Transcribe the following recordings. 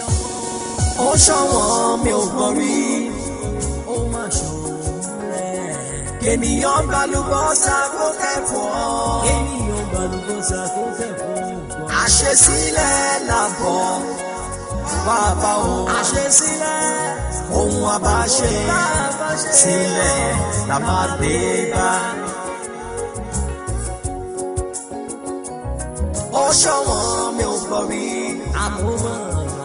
ó ṣọ̀wọ́n mi ò gbọ́ rí ó má ṣọ̀wọ́n rẹ̀. ènìyàn balùbọ́ ṣàkó kẹ́fọ́. ènìyàn balùbọ́ ṣàkó kẹ́fọ́. àṣesílẹ̀ làbọ̀ bàbá o. àṣesílẹ̀ ohun àbáṣe sílẹ̀ la máa dé bá. ó ṣọ̀wọ́n mi ò gbọ́ rí àmúmọ́.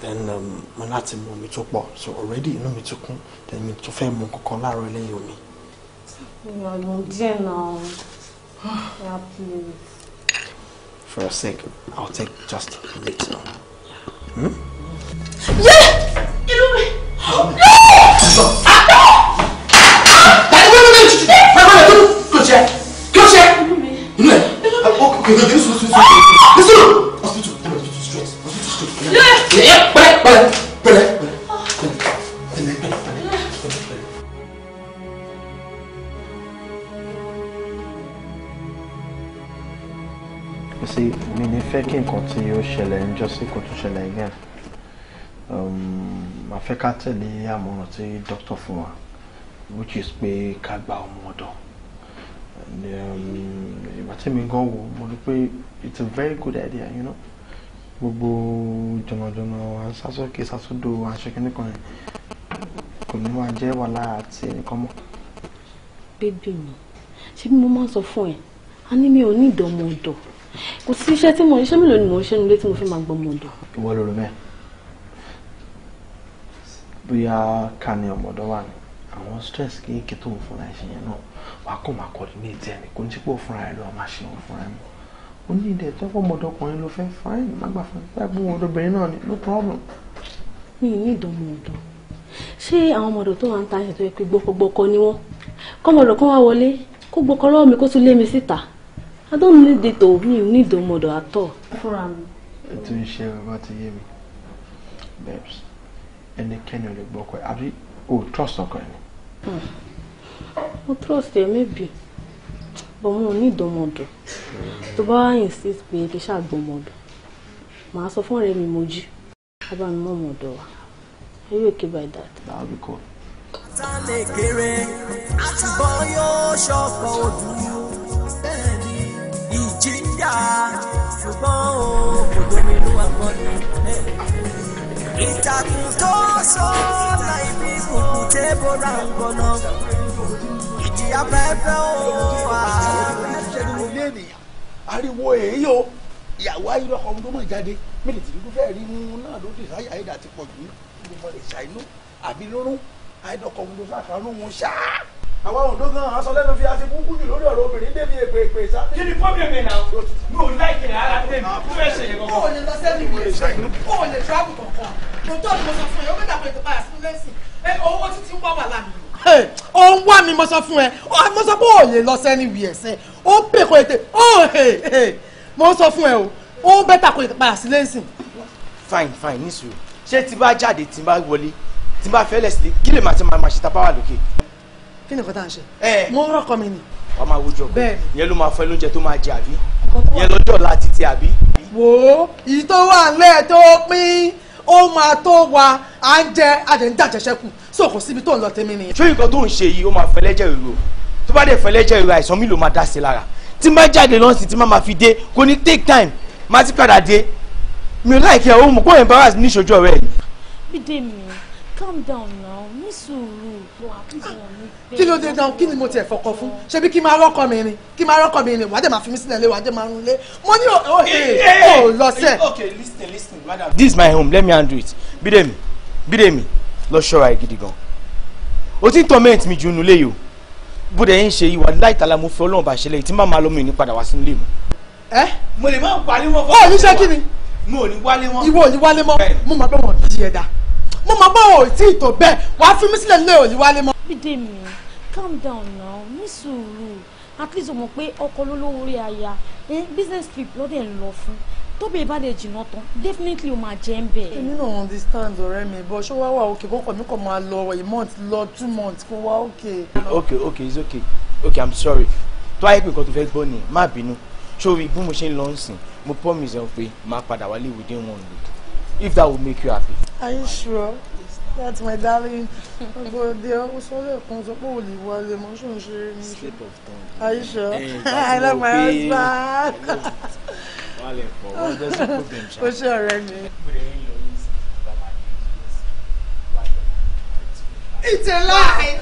then um, mo láti mu omi tó pọ̀ so already inú mi tó kún then mi tó fẹ́ mu kankan láàárọ̀ lẹ́yìn omi. ìyọ̀nù díẹ̀ náà ya please. for your sake i'll take just a little. Hmm? Yeah! inú mi. Kí ló ṣe? Kí ló ṣe? Inú ẹ̀. Kí ló ṣe? Kí ló ṣe? You see, mi ní fẹ́ kí nǹkan tí ó ṣẹlẹ̀ ń jọ sí kò tún ṣẹlẹ̀ again. Màá fẹ́ ká tẹ̀lé àmọ̀ràn tí dókítà which is pé ká gba ọmọ ọ̀dọ̀. Ìgbà tí mi gan wo mo rí it's a very good idea, you know gbogbo jọ̀nàjọ̀nà sásókè sásódò aṣọ́kínní kan yẹn kò ní máa jẹ́ wàhálà àti ẹnìkan mọ́. bébì mi ṣé bí mo máa ń sọ fún ẹ a ní mi ò ní ìdánmọ ọ̀dọ̀ kò sí iṣẹ́ tí mo iṣẹ́ mélòó ni mo ń ṣe nílé tí mo fi máa gbọ́ ọmọ ọ̀dọ̀. ìwọ ló rò mẹ bóyá ká ní ọmọ ọ̀dọ̀ wà ní àwọn stress kéékèèké tó ń fúnra ẹ ṣe yẹn náà wàá kó máa coordinate ẹni kò ní sí pé òfúnra ẹ lọ máa ṣe òfúnra ẹ mọ ó ní ìdẹ̀ tọ́pọ̀ ọmọdọkùnrin ló fẹ́ fine má gbà fún mi gbàgbọ́ ọmọdọbìnrin náà ni no problem. mi ì ní ìdánmọ̀ ọ̀dọ́ ṣé àwọn ọmọdọ tó wà ń ta ẹ̀sẹ̀ tó yẹ pé gbọ́kọgbọ́kọ ni wọ́n kọ́mọdọ kan wá wọlé kó gbọ́kọ lọ́wọ́ mi kó tún lé mi síta I don't need the o mi ò ní ìdánmọ̀dọ̀ àtọ̀. fúnra mi. ẹ tún ń ṣe bàbá ti yé mi babes ẹnikẹ́ni ò lè gbọ́kọ àbí o trust ọkọ ẹ̀ ni. Hmm. mo trust ẹ Maybe bọ́ mo ní ìdánmọ̀dọ̀ tó bá insist pé kí ṣàgbọ́mọdọ̀ màá sọ fún ọ̀rẹ́ mi mo jí bàbá mi mọ̀ mọ̀dọ̀ wa are you okay by that. that be cool. ìtàkùn tó sọ láì bí kùkùté bóra ń gbọ́ná ìjìyà fẹ́fẹ́ o wa. ariwo ilé ènìyàn ariwo èyí o ìyàwó ayélujára ọmọ tó mọ̀ jáde mílì tí dúdú fẹ́ẹ́ rí mu náà ló dé sáyà ayédà àti pọ̀jù ní mo lè ṣàìnú àbí lórún ayédọ̀kọ̀ ọmọ tó sáà kanú wọn ṣáá. àwa òǹdó gan aṣọ lẹ́nu fi aṣọ kúkú jù lórí ọ̀rọ̀ obìnrin débi èpè èpè sá. kí ni pọ́bìlì náà mi ò láìkì rẹ̀ ara tẹ̀mí fún ẹ̀ṣẹ̀ yẹn kankan. o lè lọ sẹ́mi mi o lè travel kankan mo tọ́ ni mo sọ fún ẹ o gbẹ́dàgbẹ́ ìtọ́pá yà sí lẹ́sìn owó títí ń wá wà láàmì ó ń wá mi mo sọ fún ẹ mo sọ pé ó lè lọ sẹ́ni wì ẹ̀sẹ̀ ó pè kó ètè ó mo sọ fún ẹ o ó bẹ́tà kó ètè padà sí lẹ́sìn. fine fine nísìnyí ṣé tí bá jáde tí bá wọlé tí bá fẹ́ lẹ́sìn kí lè máa ti máa ṣe tapá wà lókè. kí ni nǹkan tá à ń ṣe. mo ń rọkọ mi ni. wàá máa wojọ bẹ́ẹ̀ yẹn ló máa fẹ́ lóúnjẹ tó máa jẹ àbí yẹn lọ́jọ́ láti ti àbí. wo ìtọ́wà ńlẹ̀ tó pín ó máa tó wa à ń jẹ àjẹ̀ńdàjẹ̀ṣẹ́kù so kò síbi tó ń lọ tèmi nìyẹn. ṣé nǹkan tó ń ṣe yìí ó máa fẹlẹ́jẹ̀ ìró tó bá dẹ̀ fẹlẹ́jẹ̀ ìró àìsàn mi ló máa dá sí lára tí n bá jáde lọ́sìn tí máa fi dé kò ní take time má ti padà dé mi ò láìkí ẹ̀ òun mọ̀ kó embarrass ní ìṣojú ọ̀rẹ́ mi. bídé mi calm down now ní sùúrù kí ló dé gan kí ni mo tiẹ̀ fọkọ fún ṣebí kí máa rọ́kọ mi rin kí máa rọ́kọ mi rin wàá dẹ̀ máa fi mí sílẹ̀ lé wàá dẹ̀ máa rún lé mo ní òhè ò lọ sẹ́ẹ̀. okay listen listen this is my home let me handle it bídé mi bídé mi lọ ẹ̀ gidi gan o ti torment mi jù nulẹ̀ yìí o bó dẹ̀ ṣe ìwà láìtàlá mo fẹ́ ọlọ́run bá ṣẹlẹ̀ tí má máa lọ́mọ ìní wá sí nílé mi. ẹ mo lè máa wálé wọn fọwọ́ ní sẹ́kì ni mo ò ní wálé wọn. ìwọ ò ní wálé mọ́ mo máa bá wọn di ẹ̀dá mo máa bá wọn ò tí ì tó bẹ́ẹ̀ wàá fi mí sílẹ̀ nílé ò ní wálé mọ́. bídè mi calm down now ní sùúrù at least o mọ̀ pé ọkọ lólówó orí aya business trip lọ́dẹ̀ ń lọ fún tóbi ìbá lè jìnnà tán definitely o máa jẹ́ ń bẹ̀. èmi náà understand ọ̀rẹ́ mi bọ́ ṣó wá wà òkè kọ́kọ́ mi kàn máa lọ a month lọ two months kó wá òkè. ok ok it's ok ok i'm sorry tó àyè pé nǹkan tó fẹ́ gbọ́ ni má bínú sórí bí mo ṣe ń lọ sìn mo promise ẹ pé máa padà wálé within one week if that will make you happy. are you sure? That's my darling. But they always all the comes up all the while Are you sure? Eh, I love my husband. It's a lie.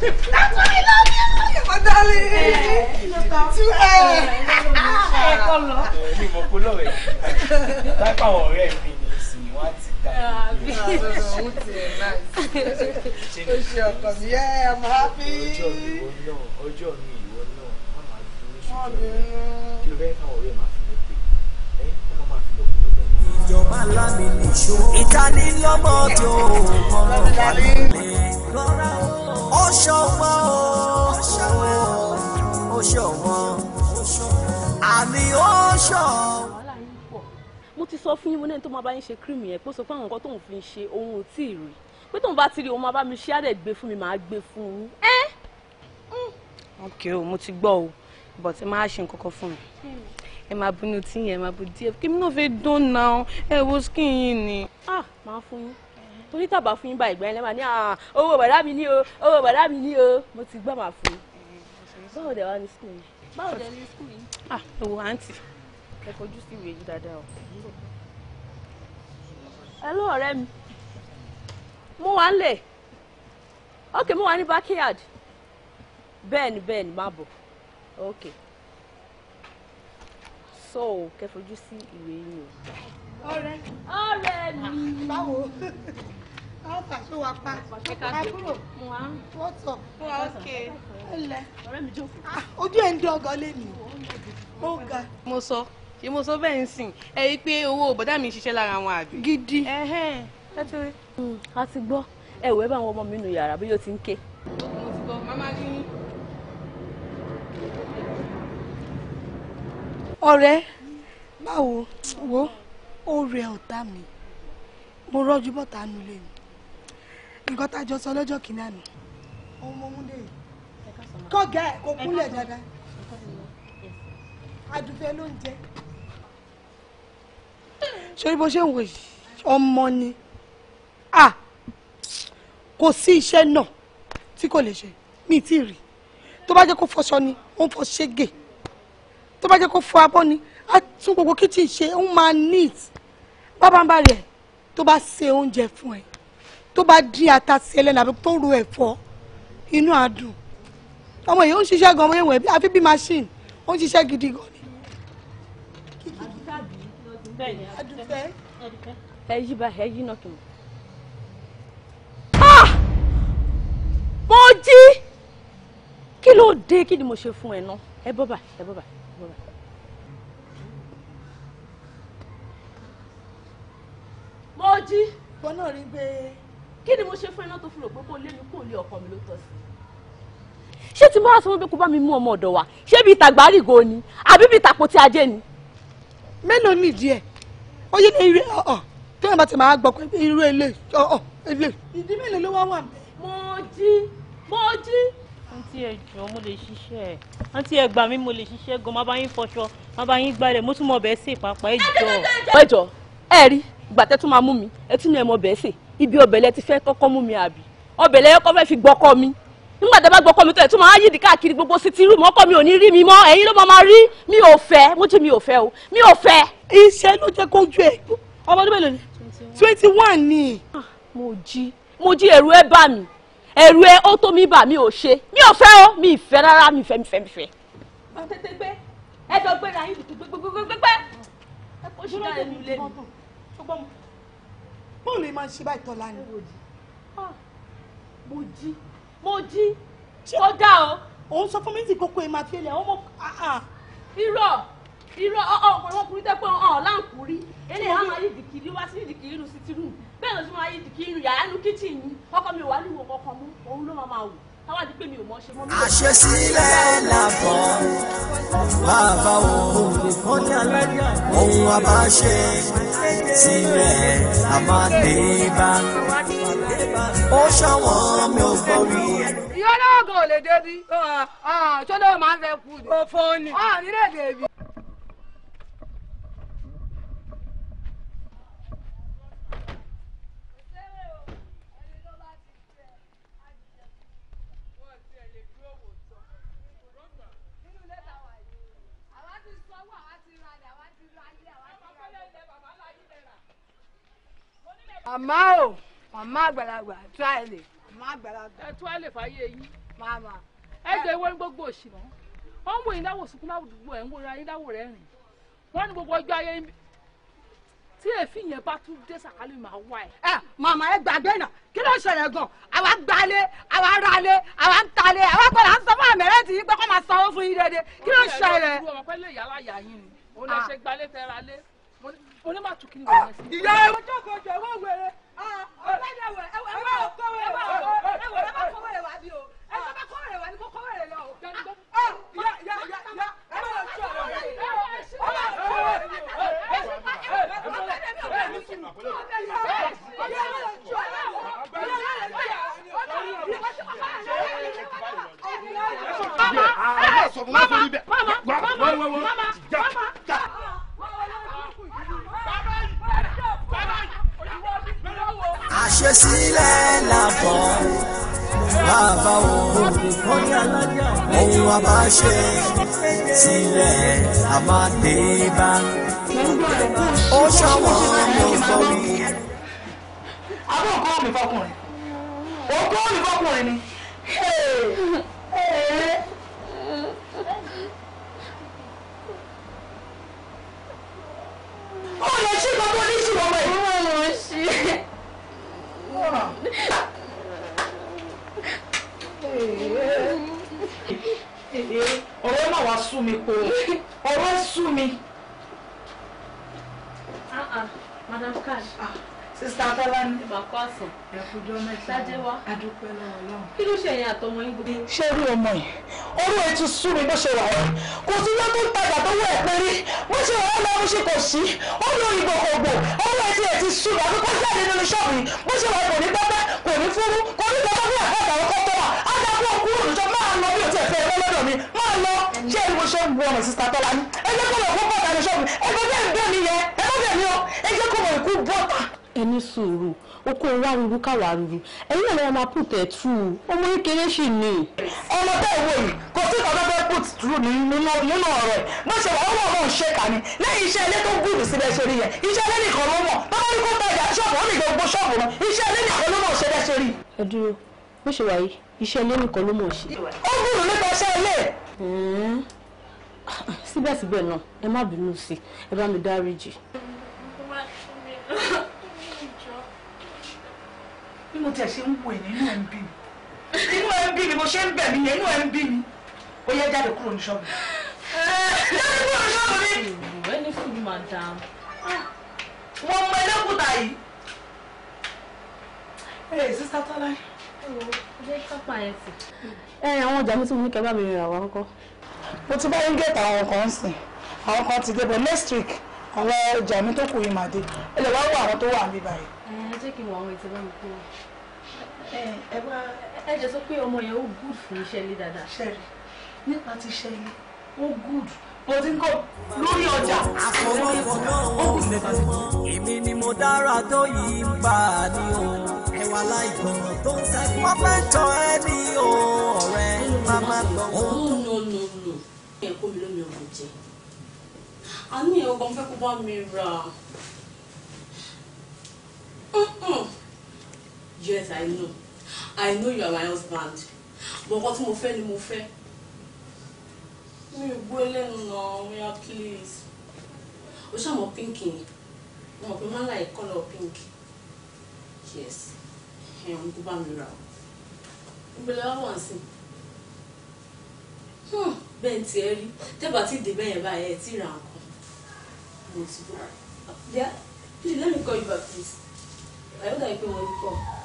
That's why I love you, my darling. Tí ẹ ẹ kọ́ lọ. Èmi yeah, I'm happy ìtanilọ́mọ tí ó kọ́rọ̀ balẹ̀ lọ́ra ó ṣọwọ́ ó ṣọwọ́ àmì ó ṣọwọ́. mo ti sọ fún yín mo náà tó máa bá yín ṣe cream yẹn pé ó sọ pé àwọn nǹkan tóun fi ń ṣe òun ò tí ì rí pé tóun bá ti rí òun máa bá mi ṣe àdẹ̀ gbé fún mi màá gbé fún un. ok o mo ti gbọ́ o but máa ṣe nǹkan kan fún mi. Hmm ẹ máa bínú tí yẹn máa bu díẹ̀ kí mi náà fẹ́ dán náà ẹ wo skin yín ni. ah máa fún yín torí tàbá fún yín bá ìgbà yẹn lẹ́wọ̀n ní ah, owó bàdá mi ní o owó bàdá mi ní o mo ti gbà máa fún yín. báwo dẹ̀ wá ní school yìí. báwo dẹ̀ ní school yìí. ah ẹ àǹtí ẹ fojú sí ìwé yìí dáadáa o. ẹ ló mi mo wà ń lè ok mo wà ní backyard bẹ́ẹ̀ ni bẹ́ẹ̀ ni má bọ̀ sọ o kẹ́ fojú sí ìwé yín o. ọ̀rẹ́ ọ̀rẹ́ mi. báwo wọn pàṣẹ wa pa àbúrò wọn sọ. ọ̀rẹ́ mi jókòó. Ah, ojú ẹ̀ ń dán ọgọ́ lẹ́nu ó ga. mo sọ ṣé mo sọ bẹ́ẹ̀ ń sìn ẹ rí i pé owó bọ̀dá mi ń ṣiṣẹ́ lára wọn àbí. gidi. Hmm, a ti gbọ́ ẹ̀wẹ̀ bá àwọn ọmọ mi nù yàrá bí yóò ti ń ké. mo ti gbọ́ màmá kí ọ̀rẹ́ báwo wo ó rẹ ọ̀tá mi mo rọ́jú bọ́ta nulẹ̀ mi nǹkan tá a jọ sọ lọ́jọ́ kìíní àná ọmọ múndé yìí kọ́gà ẹ̀ kò kúnlẹ̀ dáadáa adùfẹ́ ló ń jẹ́ ṣorí bó ṣe ń wò yìí ọmọ ni kò sí iṣẹ́ náà tí kò lè ṣe mi ì tí ì rí tó bá jẹ́ kó fọṣọ ni ó ń fọ ṣégè tó bá jẹ́ kó fọ abọ́ ni a tún gbogbo kitchen ṣe ó máa neat bábàbà rẹ̀ tó bá ṣe oúnjẹ fún ẹ tó bá dín ata sí ẹlẹ́nu àbí tó ro ẹ̀fọ́ inú àdùn ọmọ yìí ó ń ṣiṣẹ́ gan ọmọ ìwọ̀n ẹ̀bí àfi bí machine ó ń ṣiṣẹ́ gidi gan ni. ẹ yí ba ẹ yí náà kì í. Ah! mo jí kí ló dé kí ni mo ṣe fún ẹ náà ẹ bọ́ bá ẹ bọ́ bá. 过来。mo jí. ìwọ náà rí pé. kí ni mo ṣe fún iná tó fi rò pé kó lé mi kó lé ọkọ mi ló tọ́ sí. ṣé tí máa sọ wípé kó bá mi mú ọmọ ọ̀dọ̀ wá ṣé bíi tàgbárígo ni àbí bíi tàpótí ajé ni. mélòó ni ìdí ẹ ó yé ní irú ọ̀ọ̀ tó yàrá ti máa gbọ́ pé irú ilé ọ̀ọ̀ ilé. ìdí mélòó ló wá wà mí. mo jí mo jí. ohun tí ẹ jọ mo lè ṣiṣẹ́ ẹ̀ àǹtí ẹ gbà mí mo lè ṣiṣẹ́ gan má bá yín fọṣọ má bá yín gbálẹ̀ mo tún mọ ọbẹ̀ sè pàápàá ẹ jọ. ẹ jọ ẹ rí ìgbà tẹ́ tún máa mú mi ẹ tún ní ẹ mọ ọbẹ̀ sè ibi ọbẹ̀ lẹ ti fẹ́ kọ́kọ́ mú mi àbí ọbẹ̀ lẹ kọ́ fẹ́ fi gbọ́kọ́ mi nígbà tẹ́ bá gbọ́kọ́ mi tẹ́ tún máa yídi káàkiri gbogbo sí ti rú mọ́ ọkọ mi ò ní rí mi mọ́ ẹ̀yin ló máa rí mi ò fẹ́ mo jẹ́ mi ò fẹ́ o mi ò fẹ́. iṣẹ́ ló jẹ́ kó ju ẹ̀ ọmọdún mélòó ni twenty one ni. Ah, mo jí mo jí ẹ̀rù ẹ bá mi ẹ̀rù ẹ ó tó mi bà mi ò ṣe mi ò fẹ́ o mi ì rárá mi fẹ́ mi fẹ́ mi fẹ́. pàtẹ́tẹ́ gbé ẹjọ́ gbé ra yín gbégbégbégbé ẹ kò ṣe dára ẹnu lé mi. bọ́ọ̀ lè máa ṣe báyìí tọ́lá ni. mo jí ah, mo jí kódà o. òun sọ fún mi ti kókó ẹ máa fi ọmọ. Ah, ah. irọ́ irọ́ ọ̀pọ̀lọpọ̀ kúrú tẹ́ pé ọ̀ọ́ láǹkúrí eléyàá máa yí dìkìrí wá sí dìkìrí nù sí tìrù bẹ́ẹ̀ ló ti máa yí kí irun yàrá inú kíchìn yìí ọkọ mi ò wá níwò kankan mú òun ló máa máa wò táwa di mi ò mọ ṣe mọ́ àṣesílẹ̀ làbọ̀ bàbá òun ohun àbáṣe sílẹ̀ àmàdébá ó ṣàwọn mi ò gbórí. ìyá ọlọ́gàn ò lè débi tó ah, ah, lóun máa ń fẹ́ kú ni. òfò ni. ọ̀ ah, nílẹ̀ débi. màmá o màmá àgbàlagbà tú àìlè màmá àgbàlagbà. ẹ tú àìlè fàyè yín. màmá. ẹ jẹ́ ìwé ní gbogbo òṣìná ó ń wò yín láwò sunkún láwùjọ ẹ̀ ń wò ra yín láwò rẹ̀ rìn wọ́n ní gbogbo ọjọ́ ayé tí èéfín yẹn bá tún dé sàkálù máa wá ẹ. ẹ màmá ẹ gbàgbé náà kí ló ṣẹlẹ̀ gan àwa gbalé àwa ralé àwa ń talé àwa kọ́ là ń sọ fún àmẹ́rẹ́ tí yín pé kọ́ máa sanwó fún yín dédé kí ló ṣẹlẹ̀. ọmọ pẹ́lú ìyá láyà yín ni òun lè ah. ṣe gbalé fẹ́ ralé mo ní màá tù kí n gbà yẹn sí. ìyá ẹ ṣì ni. ọmọ tẹ́ ìwé yìí kò sí ọdún bẹ́ẹ̀ put through nínú nínú ọ̀rọ̀ ẹ̀ bó ṣe wà ọmọ ọmọ ṣe kà ní lẹ́yìn iṣẹ́ ilé tó gùdù síbẹ̀ sórí yẹn iṣẹ́ ilé nìkan ló mọ̀ bábá ní kó tajà ṣọ́ọ̀bù ó ní gbogbo ṣọ́ọ̀bù mọ́ iṣẹ́ ilé nìkan ló mọ̀ ṣe bẹ́ẹ̀ sórí. ẹ dúró bó ṣe wà yìí iṣẹ́ ilé nìkan ló mọ̀ ṣe. ó gùdù nípa iṣẹ́ ilé. Hmm. síbẹ̀síbẹ̀ náà ẹ bí mo tẹ̀ ṣe ń wò nínú ẹ̀ ń bí inú ẹ ń bí mi bó ṣe ń bẹ̀ mí yẹn inú ẹ ń bí mi ó yẹ jáde kúrò ní ṣọ́ọ̀bù. jáde kúrò ní ṣọ́ọ̀bù mi. ìwé ní fún mi madam. mo mọ ẹlẹ́kùtà yìí. ẹ ẹ sísá tọ́lá yìí. ẹ ẹ àwọn ọjà mi tí mo ní kẹ́ bá mi rìn àwọn ọkọ. mo ti bá yín gẹ̀ẹ́tì àwọn kan sìn àwọn kan ti débọ̀ next week àwọn ọjà mi tó kù yìí màdé ẹ lè wá wọ àwọn tó wà níbàyìí. ẹ jẹ́ kí n wọ àwọn ìtẹ́lẹ́mù kúrò. Eh, ẹ wá ẹ jẹ́ sọ pé ọmọ yẹn ó good fún iṣẹ́ ilé dáadáa. ṣẹ́ẹ̀rì nípa ti iṣẹ́ ilé ó good mo ti ń kọ́ lórí ọjà ó good nípa ti. èmi ni mo dára tó yìí ń bá a ní o ẹwà láìpọ̀nà tó ń sẹ́kù. wọ́n fẹ́ tọ́ ẹ ní o ọ̀rẹ́ má má lọ. ọ̀hún ni ó lò lò ẹ̀kọ́ mi lómi ọ̀gbọ̀n jẹ a ní ọgbọ̀n fẹ́ kó bá mi rà. Yes, I know. I know you are my husband but what tí mo fẹ́ ni mo fẹ́ mi ò gbọ́ ẹlẹ́nu náà wíyá please o ṣàmọ̀ pink ni mo mọ̀ pé like color pink yes He on kó bá mi rà o ìbílẹ̀ wá wọ̀n sí hmm, bẹ́ẹ̀ tí ẹ rí tẹ́bà tí dè bẹ́ẹ̀ yẹn báyẹn ẹ ti ra nǹkan mo ti bọ́ yeah please let me call you back please I hope that you pay money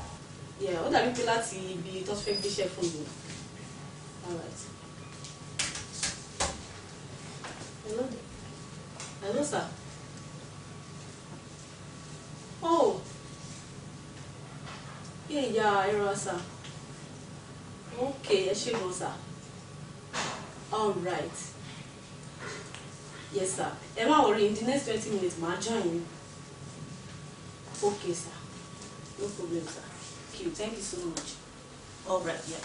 Yeah, ó dàbí pé láti ibi tó fẹ́ gbéṣẹ́ fún mi. Hello, hello sir. Oh, yeah, yeah, ẹ̀rọ sir. Okay, ẹ ṣe gan sir. All right. Yes, sir. Emma má worry, in the next twenty minutes, My join you. Okay, sir. No problem, sir. Thank you. Thank you so much. All right, yeah.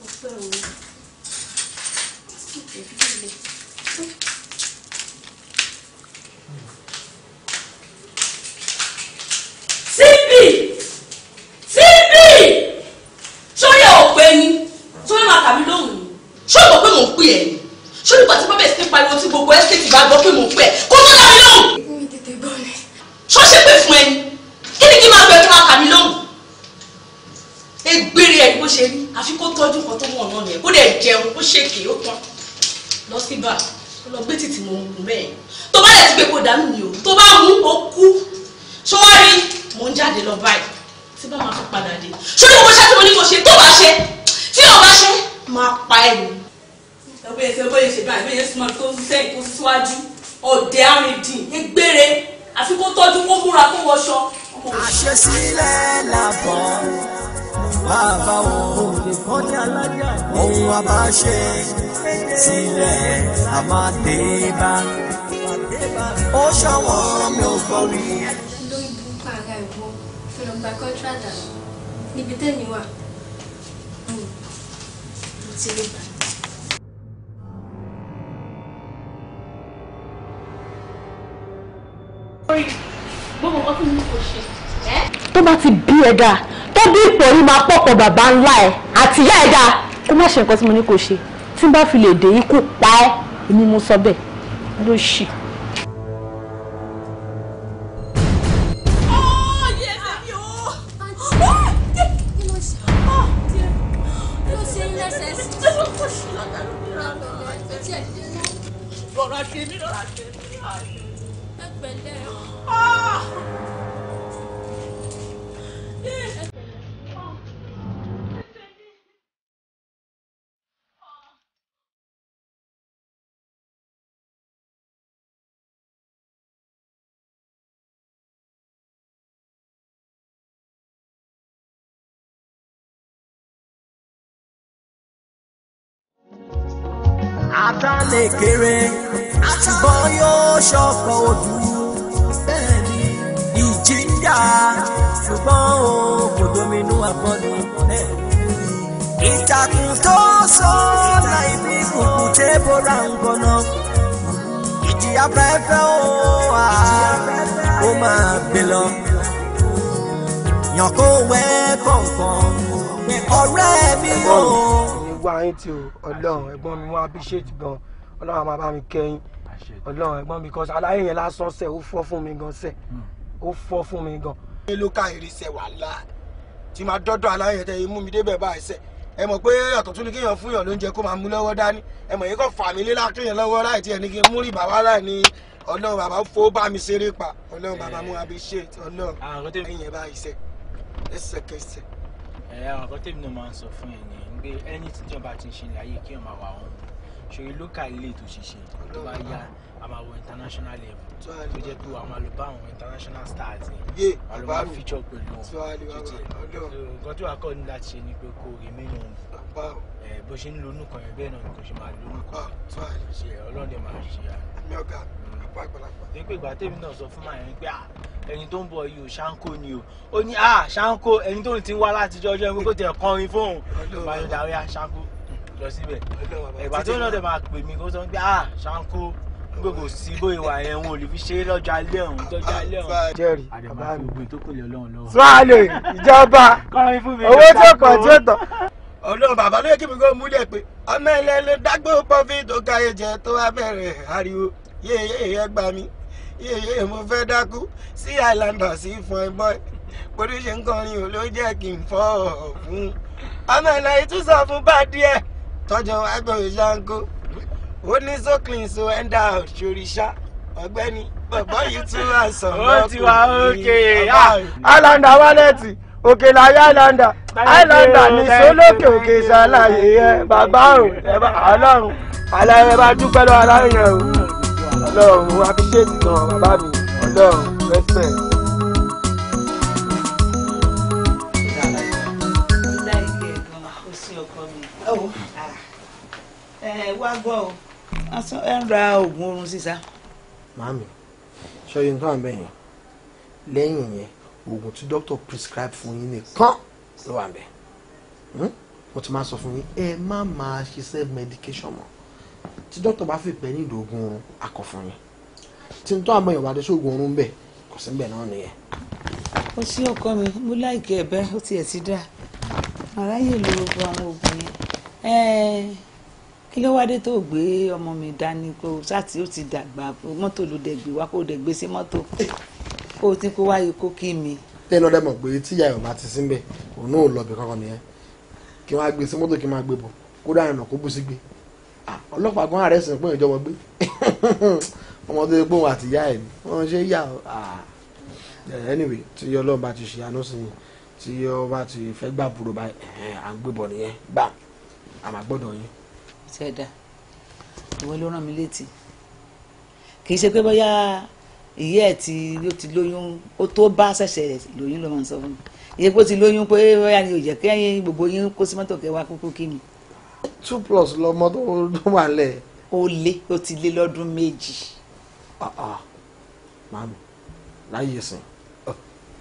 Ọpẹ́ o. Síbì! Síbì! Ṣọ́yà ọ̀pẹ ni, tó yẹ máa tàbí lóhùn ni. Ṣọ́yà ọ̀pẹ mò ń pè ẹ̀ ni. Ṣọ́yà ìgbà tí bábẹ̀ sí pariwo tí gbogbo ẹ́sítéètì bá gbọ́ pé mò ń pè ẹ̀. ṣèkì ó tán lọ sí bá ó lọ gbé títì mọ̀ òun bẹ́ẹ̀ tó bá yẹ ti gbé kó dànù ni o tó bá mú o kú sọ́wárí mò ń jáde lọ báyìí tí bá máa fi padà dé sórí owó ṣáà tí mo ní kò ṣe tó bá ṣe tí ò bá ṣe máa pa ẹ̀ ní. ẹgbẹ́ ẹsẹ̀ bóyá ṣe báyìí bóyá ṣe máa tó sẹ́yìn tó síwájú ọ̀dẹ̀ àrìndìn ẹgbẹ́rẹ́ àfi kó tọ́jú kó múra kó wọṣọ. àṣesílẹ̀ làbọ̀ bàbá o ohun a bá ṣe tilẹ̀ a máa dé bá ó ṣọwọ́n mi ò gbọ́ rí. lórí burúkú ara ìwọ fẹlẹ gba kọńtrádà níbi tẹ́mi wà mo ti lè gbà. tó bá ti bí ẹ dáa tó bí ipò yìí máa pọ̀pọ̀ bàbá ńlá ẹ̀ àti ìyá ẹ̀ dáa kó má ṣe nǹkan tí mo ní kó ṣe tí n bá fi lè dé ikú pa ẹ́ èmi mo sọ bẹ́ẹ̀ ló lè kéré àtúbọ̀ yóò ṣọ̀pọ̀ odù ìjì ń dà ṣùgbọ́n o kò dominú agbọ́dù ìtàkùn tó sọ láì bí kùkù tẹ́ bóra ń gbọ́nà ìjì afẹ́fẹ́ o ó máa gbé lọ yàn wẹ́ kọ̀ọ̀kan ọ̀rẹ́ mi o. ẹ̀gbọ́n mi wá yín tí o ọlọ́run ẹ̀gbọ́n mi wá bí ṣètì gan-an ọlọ́run á máa bá mi kẹ́yìn ọlọ́run ẹ̀gbọ́n mi kọ́sí aláyé yẹn lásán sẹ́ ó fọ́ fún mi gan sẹ́ hmm. ó fọ́ fún mi gan. ẹ ló ká irisẹ wàhálà tí máa dọ́dọ̀ aláyé yẹn tẹ imú mi débẹ̀ báyìí sẹ́ ẹ mọ̀ pé ọ̀tọ̀ tún ni kéèyàn fún yàn lóúnjẹ kó máa mú lọ́wọ́ dání ẹ mọ̀ yìí kò fà mí lílá kéèyàn lọ́wọ́ láì tiẹ̀ ní kí n múrì bàbá láì ní ọlọ́run bàbá fó bá mi ṣeré pa ọlọ́run bàbá mú abí ṣe ọlọ́run ẹ̀yìn ẹ̀ báyìí sẹ́ ẹsẹ̀kẹsẹ̀. ẹ àwọn kan tèmi náà máa ń sọ fún ẹ nìyẹn pé ẹni tíjọba ti ń ṣe láyé kí wọn máa wà wọn ṣòye local ilé tó ṣiṣẹ́ tó bá yá a máa wọ international level tó jẹ́ pé a máa lọ bá àwọn international stars yẹn a lọ máa feature pẹ̀lú títí nǹkan tí wàá kọ́ ní láti ṣe ni pé kó rèmí nù bó ṣe ń lo onúkan yẹn bẹ́ẹ̀ náà ni kò ṣe máa lo onúkan ṣe ọlọ́dẹ máa ṣe ya. àmì ọ̀gá àpá àgbàlagbà. ní pé ìgbà tèmi náà sọ fún màá yẹn pé à ẹni tó ń bọ̀ yìí o ṣáńkó ni o ó ní à ṣáńkó ẹni tó ń ti wá látijọ́ ọjọ́ ẹni pé kò tẹ̀ kọrin fóun báyọ̀ dáwọ́ yá ṣáńkó lọ síbẹ̀ ìgbà tó náà máa pè mí kó sọ pé ah ṣáńkó pé kò sí bó ìwà yẹn wọn ò lè fi ṣe é lọ́jọ́ alẹ́ ọ̀hún tọ́jú alẹ́ ọ̀hún. jẹ́rìí àdèmọ́ àti gbogbo ìtókòlè ọlọ́run lọ́wọ́. sọ́ọ̀lì ìjọba owó tó kọ̀ tí ó tọ̀. ọlọ́run bàbá ló yẹ kí mi kó múlẹ̀ pé ọmọ ilẹ̀ ló dágbó pọ́fì tó káyé jẹ tó wá bẹ̀rẹ̀ ariwo yéèyé ẹ gbà mí yéèyé mo fẹ́ dákú sí islander sí fún ẹ bọ́ẹ̀ bóríṣe ń kọrin ò ló jẹ́ kí n fọ́ ọ̀ fún ọmọ ilẹ̀ ìtúsọ̀ tọ́jọ́ agbọ̀nrín ṣáńgó ó ní sókìn so ẹ̀ńdà òṣòrìṣà ọ̀gbẹ́ni bọ̀bọ̀ yìí tún àṣàn lọ́kùnrin. ó ti wá òkè àlàndà wálẹ̀tì òkè láyé àlàndà àlàndà ní sólókè òkè ṣàlàyé ẹ bàbá o ọlọ́run àlàyé bá dúpẹ́ lọ́wọ́ aláyẹ̀ o ọlọ́run àfiṣẹ́ ìtàn bàbá mi ọlọ́run respect. ẹ eh, wá gbọ́ o ẹ ń ra oògùn oorun sísá. màámi ṣọyí tó à ń bẹ̀yìn lẹ́yìn yẹn oògùn tí dókítà prescribe fún yín nìkan ló wà bẹ̀ hmm? mo ti máa sọ fún yín ẹ má máa ṣe self medication mọ́ tí dókítà bá fi pẹ́ ní ìdògùn oorun akọ fún yín tí n tó àmọ́ ìwà àdéṣe oògùn oorun bẹ̀ kò sí bẹ̀ náà nìyẹn. ó sí ọkọ mi mo láìkẹ́ ẹ̀bẹ́ ó tiẹ̀ ti dá àráyè lo gbogbo àwọn oògùn yẹn. Eh, kí ló wáá dé tó gbé ọmọ mi dání kó sátì ó ti dàgbà mọ́tò ló dẹ̀ gbé wá kó dẹ̀ gbé sí mọ́tò kó o ti kó wáyé kó kí mi. ẹ lọ́dẹ mọ̀ pé tíyà ẹ̀ bá ti sínbẹ̀ òun náà lọ bẹ̀ kankan nìyẹn kí wọ́n á gbé sí mọ́tò kí wọ́n á gbé bọ̀ kó dáa ẹ̀nà kó bú sí ah, gbé ọlọ́pàá gan ààrẹ sìn pé ìjọba gbé ọmọ tó yẹ pé òun àtìyá ẹ̀ ni wọ́n ṣe yà ah. eh, anyway tí ọlọ́run bá ti ṣe àánú sí i tí ọba ti fẹ́ gbàbúrò báyìí à ń gbébọ̀ nìyẹn gbà àmàgbọ́dọ̀ yín tí ẹ dá ìwọ ló rán mi létí kì í ṣe pé bóyá ìyá ẹ ti ó ti lóyún ó tó bá ṣẹ̀ṣẹ̀ rẹ̀ lóyún ló máa ń sọ fún mi iye pé ó ti lóyún pé bóyá ni ò jẹ́ kí ẹ̀yin gbogbo yín kó sí mọ́tò kẹwàá kúkú kí mi. two plus lọmọ tó wà lẹ. ó lé ó ti lé lọ́dún méjì. Ah, ah. màámi láyé sìn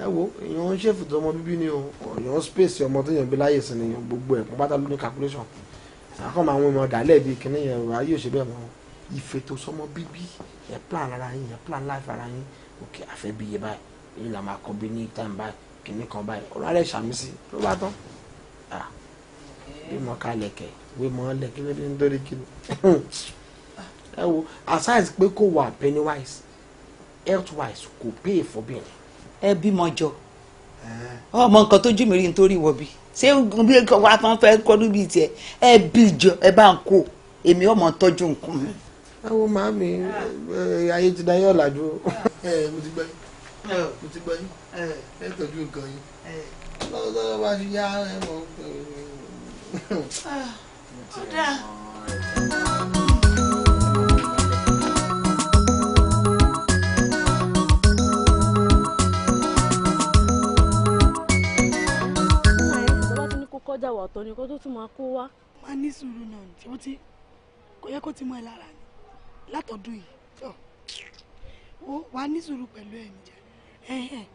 ẹ wo èèyàn ṣèfùtò ọmọ bíbí ni o èèyàn space ọmọ tó yàn bí láyé sìn ni gbogbo ẹ̀ pátá ló ní calculation àkọ́ máa wọn ìmọ̀ dàlẹ́ bíi kìnní yẹn wà yóò ṣe bẹ́ẹ̀ mọ́ ìfẹ́ tó sọmọ bíbí yẹn plan ara yín yẹn plan life ara yín òkè àfẹ́ bí yẹ báyìí èyí là máa kọ́ bí ní time báyìí kìnní kan báyìí ọ̀rọ̀ alẹ́ ṣàmì sí ló bá tán bí mo ká lẹ̀kẹ̀ bí mo lẹ̀kẹ̀ lórí nítorí kìnní ẹ wo aside pé kò wà penny wise health wise kò pay for being. ẹ bímọ jọ ọmọ nǹkan tó jú mi rí nítorí wọ̀bí ṣé bí wàá tán fẹ́ kọ́dún bíi tiẹ̀ ẹ bí ìjọ ẹ bá ń kó èmi ọmọ tọ́jú nǹkan mi. ẹ wo màámi ayé ti dayé ọ̀làjú. ẹ mo ti gbẹ́ mo ti gbẹ́ ẹ tọ́jú nǹkan yín lọ́wọ́ bá ti yá ẹ mọ̀ ọ́. Ah, ó kọjá wà ọ̀tọ̀ ni kó tó tún máa kó wá. máa ní sùúrù náà ní tiwọn kò yẹ kó ti mọ ẹ lára ni látọdún yìí tó wà ní sùúrù pẹ̀lú ẹ̀ níjà ẹ̀hẹ̀n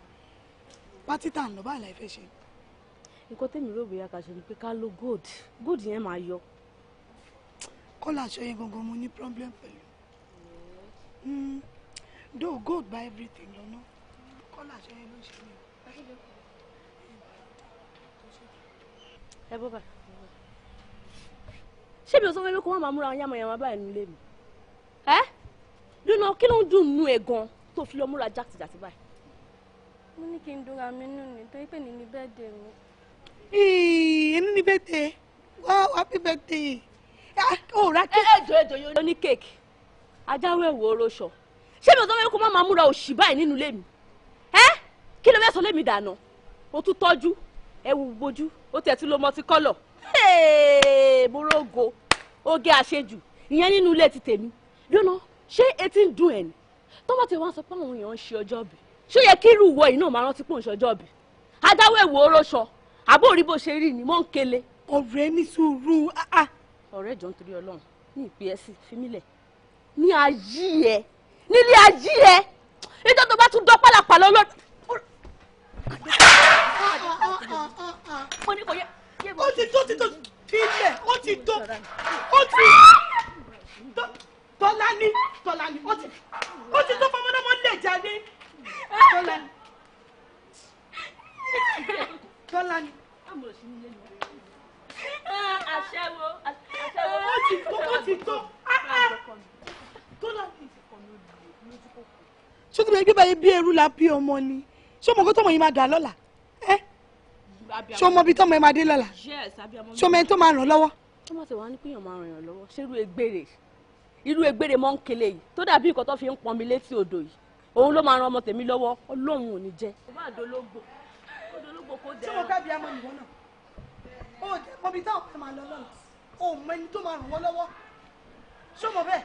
ń lọ báyìí láì fẹ́ ṣe. nǹkan tẹ́mi rò bóyá ká ṣe ni pé ká lo gold gold yẹn máa yọ. kọ́lá aṣọ yẹn gangan mo ní problem pẹ̀lú do hmm. gold buy everything lọ́nà kọ́lá aṣọ yẹn ló ń ṣe mí. ẹ bọ́ bá ṣé mi ò sọ fẹ́ pé kó wọ́n máa múra yàmà yàmà báyìí nílé mi ẹ́ lónà kí ló ń dùn nú ẹ gan tó fi lọ múra jàtìjàtì báyìí. mo ní kí n dora mi nù ní torí pé ní ní birthday mi. èmi ní birthday wá happy birthday ó ra kéèkì. ẹ ẹ jọ ẹ jọ yóò ní kéèkì ajáwé wo oróṣọ ṣé mi ò sọ fẹ́ kó máa múra òṣì báyìí nínú ilé mi ẹ́ kí ló fẹ́ sọ lé mi dànù o tún tọ́jú ó tẹ̀ tí lo mọtí kọ́lọ̀ mo rógo oge àṣejù ìyẹn nínú ilé ti tèmi lónà ṣé etí ń dùn ẹ̀ tọ́wọ́ ti wá sọ pé àwọn èèyàn ń ṣe ọjọ́ bì ṣó yẹ kí irú ìwọ yìí máa rántí pò ń ṣe ọjọ́ bì adáwọ̀ èwo oróṣọ àbó òrí bó ṣe rí ni mò ń kele. ọ̀rẹ́ ní sùúrù ah, ah. ọ̀rẹ́ jọ ń torí ọlọ́run ní ìpè ẹ́ sí fímílẹ̀ ní ayé ẹ nílé ayé ẹ níjọ́ tún dọ́ pálapàla mo ní kò yẹ. ó ti tó ti tó filẹ̀ ó ti tó ó ti tọ́lání tọ́lání ó ti ó ti tó fọmọdọ́mọ lè jáde tọ́lání tọ́lání. aṣẹ́wó aṣẹ́wó ó ti tó ó ti tó tọ́lání. ṣé tí mo gbé báyìí bí ẹrú la bí ọmọ ni ṣé ọmọ kó tọmọ yìí máa dà lọ́la ẹ́ ṣé o mọ ibi tọ́mọ ẹ máa dé lọ́la ṣé o mọ ẹni tó máa ràn lọ́wọ́. tó má ti wá ní pínyàn máa ràn yàn lọ́wọ́ ṣé irú egbèrè irú egbèrè mọ́ ń kele yìí tó dàbí nǹkan fi ń pọn mi létí odò yìí òun ló máa ran ọmọ tèmi lọ́wọ́ ọlọ́run ò ní jẹ́. ọba àdólógbò odológbò kò dẹ̀. bẹ́ẹ̀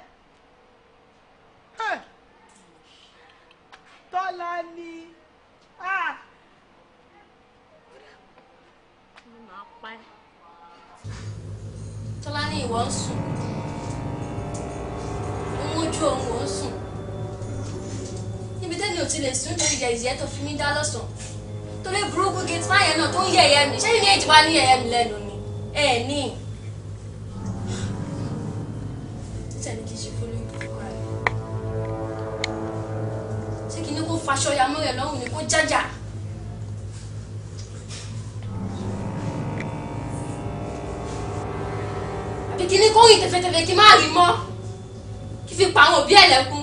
tọ́lá ni ah pa ẹ́. tọ́lá ní ìwọ ń sùn ń mójú òun ò ń sùn níbi tẹ́lẹ̀ ò ti lè sùn torí jẹ̀jẹ̀ tó fi mí dá lọ́sàn-án torí burúkú gate fáyẹ̀ náà tó ń yẹ̀yẹ́ mi ṣẹ́yìn ní èjì bá ní yẹ̀yẹ́ ni ẹ̀ ní. tẹ̀fẹ̀tẹ̀fẹ̀ kí n má rí mọ́ kí n fi pa àwọn òbí ẹ̀ lẹ́kún.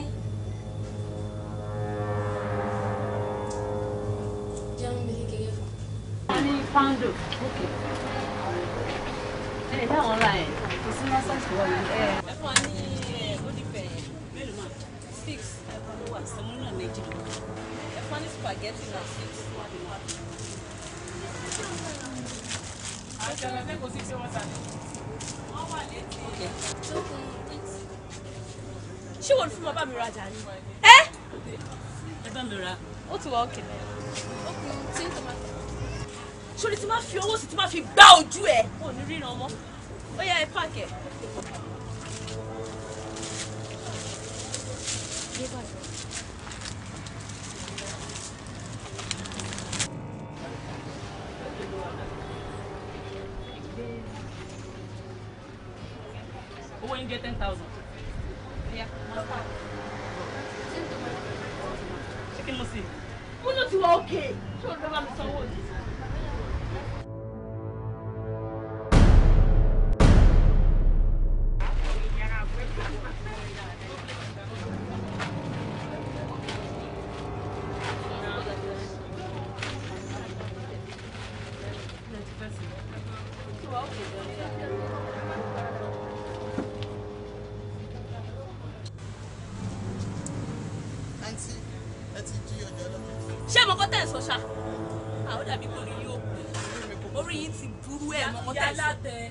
ìyá aláàtẹ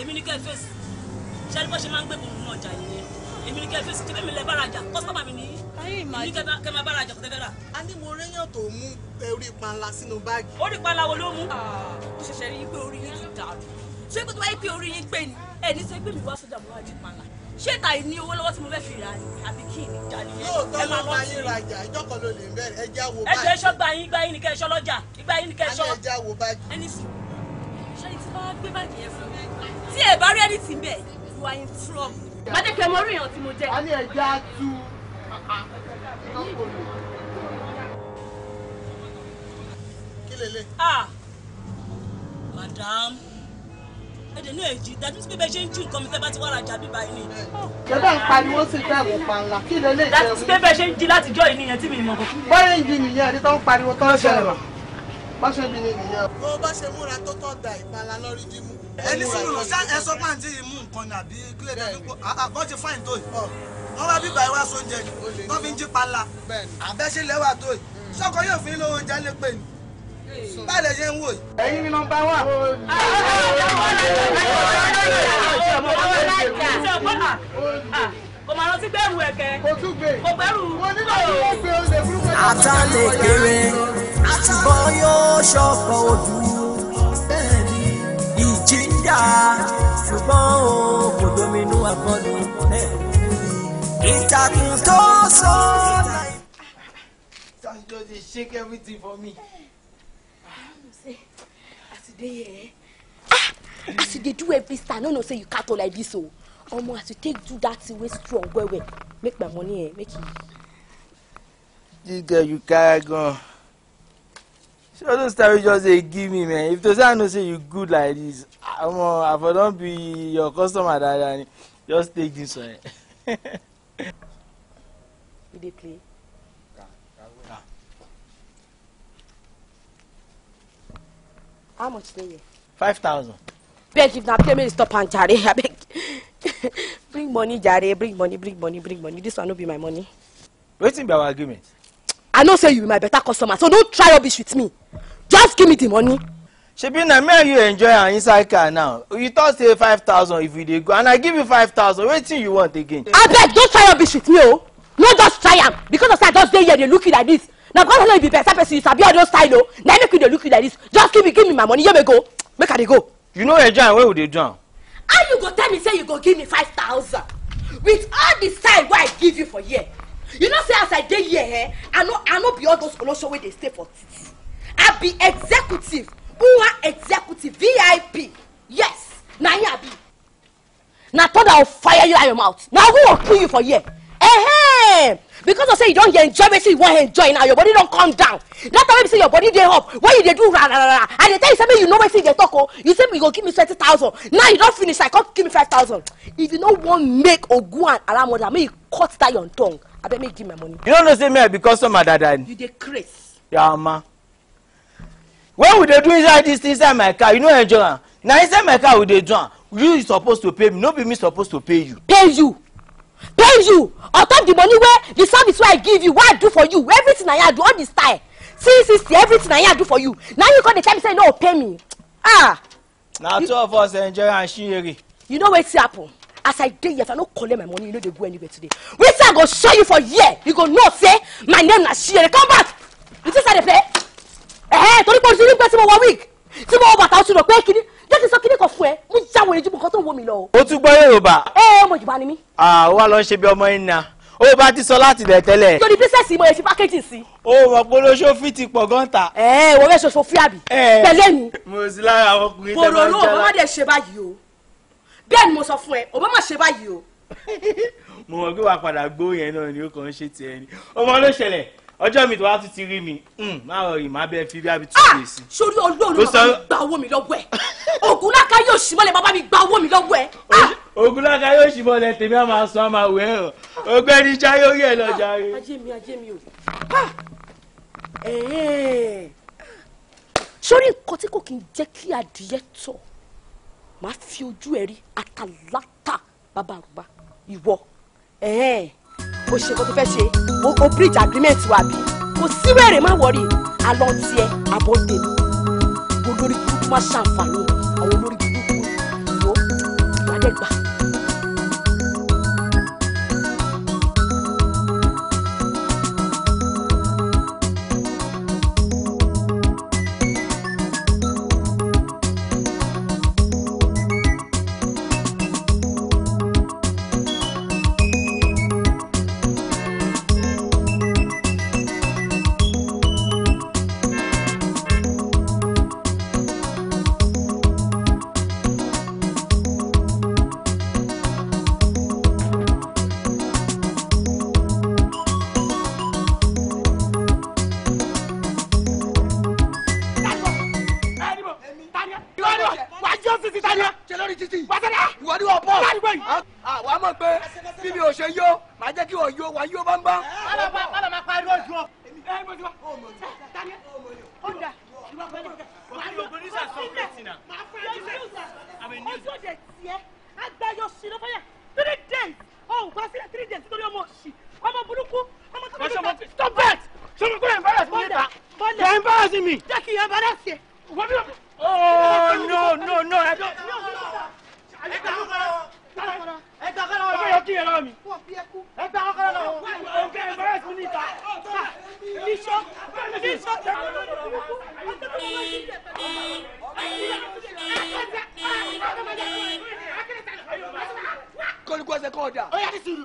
èmi ní kẹfẹsì ṣáájú bó ṣe máa ń gbé bùrù náà jà yìí èmi ní kẹfẹsì tí bẹ́ẹ̀ lẹ bára jà kọ́sítọ́mà mi ní èmi kẹ máa owó lọ́wọ́ tí mo fẹ́ fi ra ni àbí kí ni ìjà nìyẹn. lóòótọ́ ló máa yín rajà ìjọ kan ló lè bẹ̀rẹ̀ ẹja wo báàgì. ẹ jẹ́ iṣọ́ gba yín kẹ́ iṣọ́ lọ́jà gba yín kẹ́ iṣọ́. a ní ẹja wo báàgì. ẹni sùn bá gbé báàgì yẹn fún mi tí ẹ bá rí ẹni tì mẹ you are in trouble. mádékè mo rí èèyàn tí mo jẹ. a ní ẹja tú. kí lélẹ̀. ah madam ẹ̀dẹ̀ náà èjì dájú sí bẹ́ẹ̀ ṣe ń jí nǹkan mi tẹ́ bá ti wá rajà bí báyìí ni. ṣẹlẹ̀ ń pariwo sí bẹ́ẹ̀ wò panla kí ló lè jẹun. dájú sí bẹ́ẹ̀ ṣe ń jí látijọ́ yìí nìyẹn tí mi mọ̀. bọ́lá ń jí nìyẹn ẹni tó ń pariwo tó ń ṣẹlẹ̀ bá ṣe bí nìyẹn bó bá ṣe múra tó tọ́ da ìpala lórí dímú. ẹni sùúrù lọ ẹ sọ pé àǹtí yìí mú nǹkan ní àbí kílẹ̀ dẹ́nu kó àbọ̀ ti fáìn tó yìí wọ́n bá bíbá ẹ wá sóúnjẹ ni wọ́n fi ń jí pala àbẹ́ṣe lẹ́wà tó yìí sọ́kọ hmm. yóò fi ń lówó oúnjẹ lé pè ní báyìí ṣe ń wò yìí. ẹ̀yin ni nọ́mbà wà. kò máa rántí gbẹ̀rù ẹ̀kẹ́ kò gbẹ̀rù. àtàlẹ̀ kéré ṣùgbọ́n yóò ṣọ̀pọ̀ ojú ìjì ń dà ṣùgbọ́n kò dominú agbọ́dọ̀ ìtàkùn tó sọ. Sanjo dey shake everything for me. Ah, as you dey do every style, no know say you cut all like this o. Oh. Omo as you take do that thing wey strong well well, make my money eh, make it. E Dis girl you carry gan she those start wey just dey give me man if to say i know say you good like this omo i for don be your customer dada ni just take this one. you dey play. how much dey here. five thousand. beg if na pay me to stop and jare abeg bring money jare bring money bring money bring money this one no be my money. wetin be our agreement i know say you be my better customer so don't try rubbish with me just give me the money. shebi na me and you enjoy am inside car now you talk say five thousand if we dey go and i give you five thousand wetin you want again. abeg don try rubbish with me o oh. no just try am because of say i just dey here dey look you like this na because i know you be better person you sabi all those style o oh. na make you dey look you like this just give me give me my money yeye go make i dey go. you no enjoy am wey we dey do am. how you go tell me say you go give me five thousand with all the style wey i give you for here you know say as i dey here eh, i no i no be all those olosho where they stay for titi i be executive uwa executive vip yes now here i be na thunder I'll fire you out your mouth na who will kill you for here eh because I say you don enjoy wetin you wan enjoy now your body don't come down that time wey be say your body dey up when you they do rah rah rah rah? And they tell you something you know wetin They talk oh. you say you go give me twenty thousand now you don't finish i come give me five thousand if you no want make Oguan alarm alamoda make you cut that your tongue abeg make give my money. you don't know say me i be customer dada ni. you dey craze. ma. when we dey do inside this thing inside my car you no enjoy am na inside my car we dey do am you suppose to pay me no be me suppose to pay you. pay you pay you on top the money wey the service wey i give you wey i do for you everything na yarn do all the style see see see everything na yarn do for you na you come dey tell me say you no go pay me ah. na two of us enjoy am shey. you know wetin happen as i dey here if i no collect my money you no dey go anywhere today wetin i go show you for here you go know say my name na shiere come back you think say i dey play ẹhẹ torí pé o ti rí pé tí mo wọ wig tí mo wọ bàtà o ti rò pé kíni jẹ́ kí n sọ kíni kan fún ẹ mo já wòye ju nǹkan tó ń wo mi lọ. o tún gbọ́ yorùbá. ẹ ẹ mo jùbọ́ ni mí. àwọn wa lọ ṣe bí ọmọ yín na ó bá ti sọ láti lẹ tẹ́lẹ̀. torí bísẹ̀sì mo yẹ fi pákéjì sí. o mọ̀ pé olóṣó fi ti pọ̀ gan ta. ẹ ẹ wọ́n fẹ́ ṣoṣo fí àbí. ẹ ẹ pẹ̀lẹ́ mi. mo sì lára ọkùnrin tẹ́ ń jẹ́ la. bòròrò bàbá bẹ́ẹ̀ ni mo sọ fún ẹ òbá má ṣe báyìí o. mo mọ̀ pé wàá padà gbó yẹn náà ni ó kàn ń ṣe tiẹ̀ ni ọmọ ló ṣẹlẹ̀ ọjọ́ mi tó wá tún ti rí mi hmm, má rọ ìmọ̀ abẹ́ fi bí abi tún lè sí. sórí olóòrùn bàbá mi gba owó mi lọ́wọ́ ẹ̀ ògúnláka yóò ṣì mọ́lẹ̀ bàbá mi gba owó mi lọ́wọ́ ẹ̀. ògúnláka yóò ṣì mọ́lẹ̀ tèmi á máa sọ á máa wẹ̀ ọ́ ọgbẹ́ni jayé orí ẹ̀ lọ́jà rẹ̀. Ah, ajé mi ajé mi o ah! sórí nǹkan tí kò kí n jẹ́ kí adìyẹ tọ̀ màá fi ojú ẹ rí àtàlátà bàbá àrùbá ìwọ bó ṣe kó tó fẹ́ ṣe o bridge agreement wa bí kò sí wẹ̀rẹ̀ má wọrí alọ́ tiẹ̀ abọ́ tèmi olórí kúkú má ṣàǹfààní àwọn olórí kúkú ìwọ ìwádẹ́gbàá. embarrassment torí ọmọ òsì ọmọ burúkú ọmọ tó bá dé bẹ́ẹ̀. stop that sọmọ kúrò embarrass mi níta you are embarrassing me. jẹ́ kí n embarrass yẹ. oh no no no ẹ. ẹ gbà kọ́kọ́rọ́ ẹ gbà kọ́kọ́rọ́ ọmọ yóò kí yẹn lọ́wọ́ mi. ẹ gbà kọ́kọ́rọ́ lọ́wọ́ o kẹ́ embarrass mi níta. bishop bishop ẹ kọ́ lọ́wọ́ lọ́wọ́ kọ́lùkọ́ ṣe kọ́ ọ̀dà. ó yà ti sùúrù.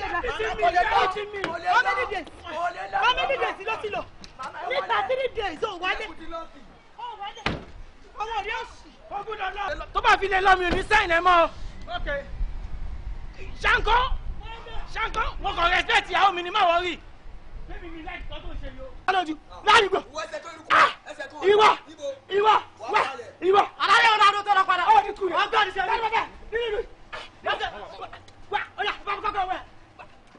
how many days ló ti lò nípa three days ó wálé ọwọ́ rí òsì ogún lọ́lọ́. tó bá fi lè lọ mi ò ní sẹ́yìn ẹ mọ́ ṣáńkó ṣáńkó mo kàn respect ìyàwó mi ni má wọ́n rí. Alójú láyé gbọ́. Ìwọ ah! ìwọ wẹ̀ ìwọ. Aláyé wọn adó tọ́lọ padà. Ó ti kú rẹ̀. Ọgbọ́n ti sẹ́yìn. Wá ọ̀yà bàbá kọ́kọ́ wẹ̀.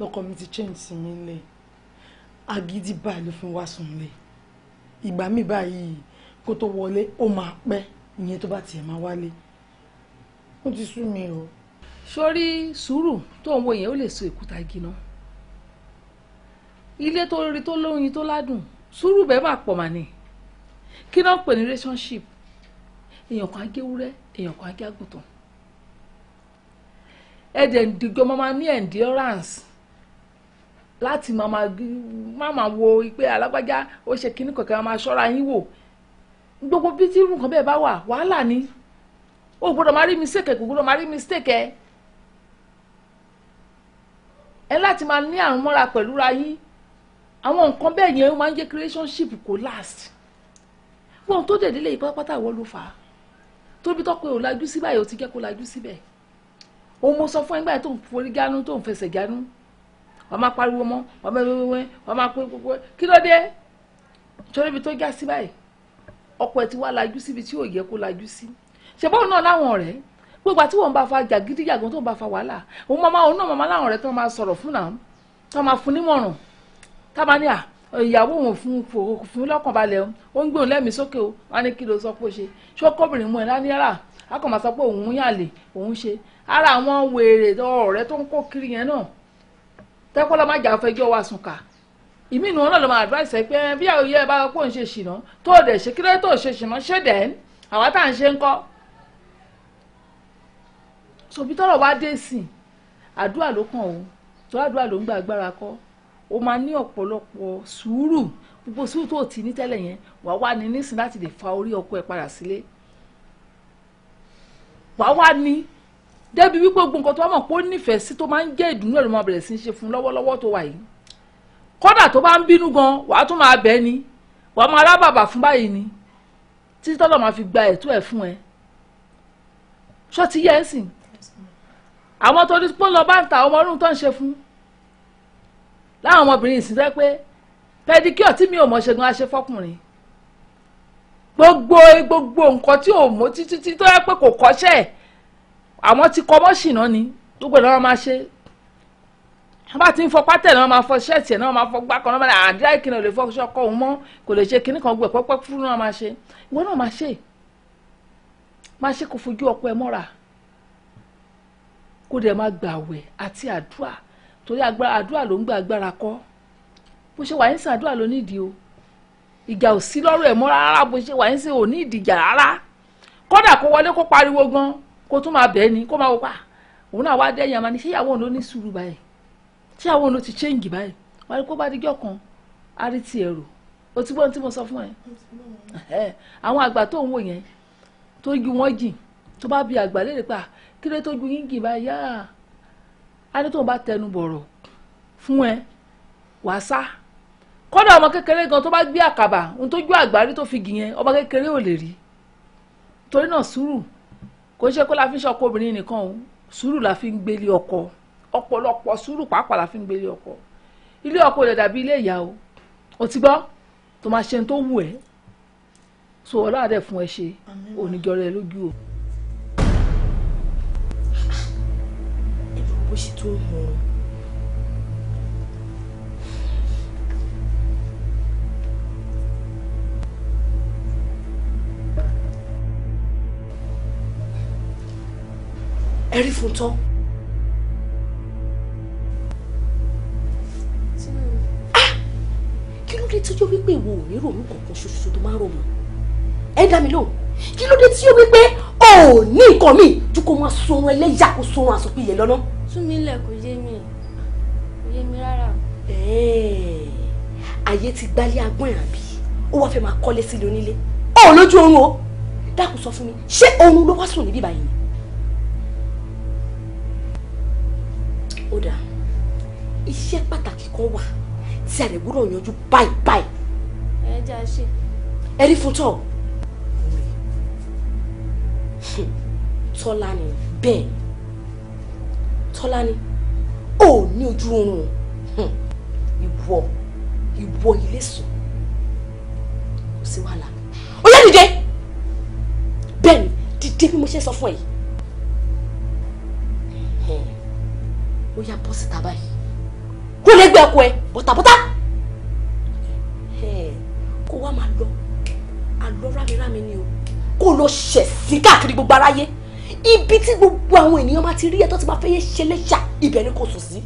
lọ́kọ mi ti change sí mi lé agídí báyìí ló fi wá sùn lé ìgbà mi báyìí kó tó wọlé ó máa pẹ́ ìyẹn tó bá tiẹ̀ máa wálé ó ti sú mi o. sórí sùúrù tó ń wo yẹn ó lè so èkúta igi náà ilé tó rí tó lóyin tó ládùn sùúrù bẹ́ẹ̀ bá pọ̀ mà ní kí náà pè ní relationship èèyàn kan á èèyàn kan á gé àgùntàn ń digbọ́ máa ní endurance láti máa máa wo pé alágbájá ó ṣe kinní kankan máa ṣọ́ra yín wò gbogbo bí tí irú nǹkan bẹ́ẹ̀ bá wà wàhálà ni o gbọ́dọ̀ máa rí mistake kò gbọ́dọ̀ máa rí mistake ẹ ẹ láti máa ní àrùn mọ́ra pẹ̀lú ra yín àwọn nǹkan bẹ́ẹ̀ yẹn ó máa ń jẹ́ kí relationship kò last wọn tó dẹ̀ délé ìpátápátá ìwọ ló fà á tóbi tó pé ò lajú sí báyìí ó ti jẹ́ kó lajú síbẹ̀ òun mo sọ fún ẹgbẹ́ tó ń forí gánú tó ń fẹsẹ̀ gánú wàá máa pariwo mọ́ wàá máa wẹ́wẹ́wẹ́ wàá máa pé gbogbo kí ló dé torí ibi tó já sí báyìí ọkọ ẹ̀ ti wá lajú síbi tí ò yẹ kó lajú sí ṣe báwọn náà láwọn ọ̀rẹ́ gbogbo àti wọn bá fa jàgídíjàgan tó bá fa wàhálà òun mama òun náà mama láwọn ọ̀rẹ́ tó máa sọ̀rọ̀ fún náà tó máa fún nímọ̀ràn tá a máa ní à ìyàwó òun fún fún lọ́kàn balẹ̀ ó ń gbé òun lẹ́mìí sókè o wọn á ní kí ló sọ pé ó ṣe ṣé ó kọ́bìnrin mú ẹ lánìyàrá a kàn máa sọ pé òun yàn lè òun ṣe ara àwọn wèrè ọ̀rẹ́ tó ń kó kiri yẹn náà tẹ́kọ́lá má jà fẹjọ́ wa sùn ká ìmí nu ọlọ́run máa advice ẹ pé bí àwọn yẹ bá pọ̀ ń ṣe ṣìnà tó o dẹ̀ ṣe kílẹ̀ tó o ṣe ṣìnà ṣe dẹ̀ ń àwa tá à ń ṣe ń kọ́. sòbí tọrọ wá dé sìn àdúrà ló kàn o tó àdúrà ló ń gba agbára kọ́ o máa ní ọ̀pọ̀lọpọ̀ sùúrù gbogbo sùúrù tó o ti ní tẹ́lẹ̀ yẹn wàá wá ní nísìn láti lè fa orí ọkọ ẹ padà sílé wàá wá ní débi wípé gbogbo nǹkan tó mọ̀ pé ó nífẹ̀ẹ́ sí tó máa ń jẹ́ ìdùnnú ẹ̀ ló máa bẹ̀rẹ̀ sí í ṣe fún lọ́wọ́lọ́wọ́ tó wà yìí kódà tó bá ń bínú gan wàá tún máa bẹ́ ni wàá máa rábàbà fún báyìí ni títí tọ́lọ̀ máa fi gba ẹ̀tọ́ ẹ̀ fún ẹ ṣó ti yẹ ẹ sìn àwọn tó ní pọ́ńlọ bá ń ta ọmọ ọdún tó ń ṣe fún láwọn ọmọbìnrin ìsìn sẹ́ pé pẹ́díkíọ̀ tí mi ò mọ̀ ṣẹ́gun á ṣe fọ́kùnrin gbogbo gbogbo nǹkan tí ò mọ̀ títí tó yẹ pé kò kọ́ṣẹ́ ẹ̀ àwọn ti kọ́ mọ́ṣì náà ni gbogbo ẹ̀ lọ́wọ́ máa ṣe wọ́n bá ti ń fọ pátẹ̀ náà máa fọ ṣẹ́ẹ̀tì ẹ̀ náà máa fọ gbákan náà máa àdá ìkíni ò lè fọ ṣọkọ òun mọ́ kò lè ṣe kíní kan gbọ́ pẹ́pẹ́ fún náà máa ṣe ìwọ náà máa ṣe máa ṣe kó fojú ọkọ ẹ mọ́ra kó dẹ̀ máa gbàwẹ̀ àti àdúrà torí àdúrà ló ń gba agbára kọ́ bó ṣe wà ní sàn àdúrà ló nídìí o ìjà ò sí lọ́rọ̀ ẹ̀ mọ́ rárá bó ṣe wà ní sàn ò ní ìdìjà rárá kódà kó wọlé kó pariwo gan-an kó tún máa bẹ́ẹ̀ ni kó máa wọ pa òun náà wá dẹ́yìn àmà ni ṣé ìyàwó òun ló ní sùúrù báyìí ṣé ìyàwó òun ló ti ṣéǹgì báyìí wà á rí kó bá díjọ́ kan á rí tiẹ̀ rò o ti gbọ́n tí mo sọ fún ẹ àwọn àgbà tó ń wò yẹn tó ju wọ́n jìn tó bá bi àgbà léèrè pa kí ló tó ju yín jìn báyìí yáà á ní tó ń bá tẹnu bọ̀rọ̀ fún ẹ wàá sá kọ́dà ọmọ kékeré gan tó bá gbé àkàbà ohun tó ju àgbà rí tó fi gì yẹn ọmọ kékeré ò lè rí torí náà sùúrù kò ṣe kó la fi ń ṣọkọ obìnrin nìkan o sùúrù la fi ń gbélé ọkọ ọ̀pọ̀lọpọ̀ sùúrù pàápàá la fi ń gbélé ọkọ ilé ọkọ rẹ dàbí ilé ìyá o ò ti gbọ́ tó máa ṣe tó wù ẹ́ so ọlọ́run fún ẹ ṣe oníjọra ẹ lójú o. ìbò bó ṣe tó ń ẹ rí fún tán. kí ló dé tí ó jẹ́ wípé ìwọ ò ní ronú kankan ṣoṣo tó máa ń ronú ẹ dá mi lóhùn kí ló dé tí ó wípé ò ní nǹkan míì ju kó máa sunrun ẹlẹ́yà kó sunrun àsopìyẹ lọ́nà. tún mi lẹ kò yé mi kò yé mi rárá. ayé ti gbálé agbọ́n àbí ó wàá fẹ́ máa kọ́lé sílé onílé ọ̀ lójú oorun o dákun sọ fún mi ṣé oorun ló wá sùn níbí báyìí iṣẹ́ pàtàkì kan wà tí a lè gbúdọ̀ yanjú báyìí báyìí. ẹ jẹ́ a ṣe. ẹ rí fún tọ́ tọ́lá ni bẹ́ẹ̀ tọ́lá ni ó ní ojú oorun hmm. ìwọ ìwọ ilé sùn kò sí wàhálà ó yá dìde bẹ́ẹ̀ ni dìde bí mo ṣe sọ fún ẹ yìí hmm. ó yá bọ́ síta báyìí kó lẹ́gbẹ̀ẹ́ ọkọ ẹ bọ́tàbọ́tà kó wá máa lọ àlọ́ rámirámi ni o kó lọ ṣẹ̀ sí káàkiri gbogbo aráyé ibi tí gbogbo àwọn ènìyàn máa ti rí ẹ tó ti máa fẹ́ yé ṣẹlẹ́ṣà ibẹ̀ ni kò sùn sí.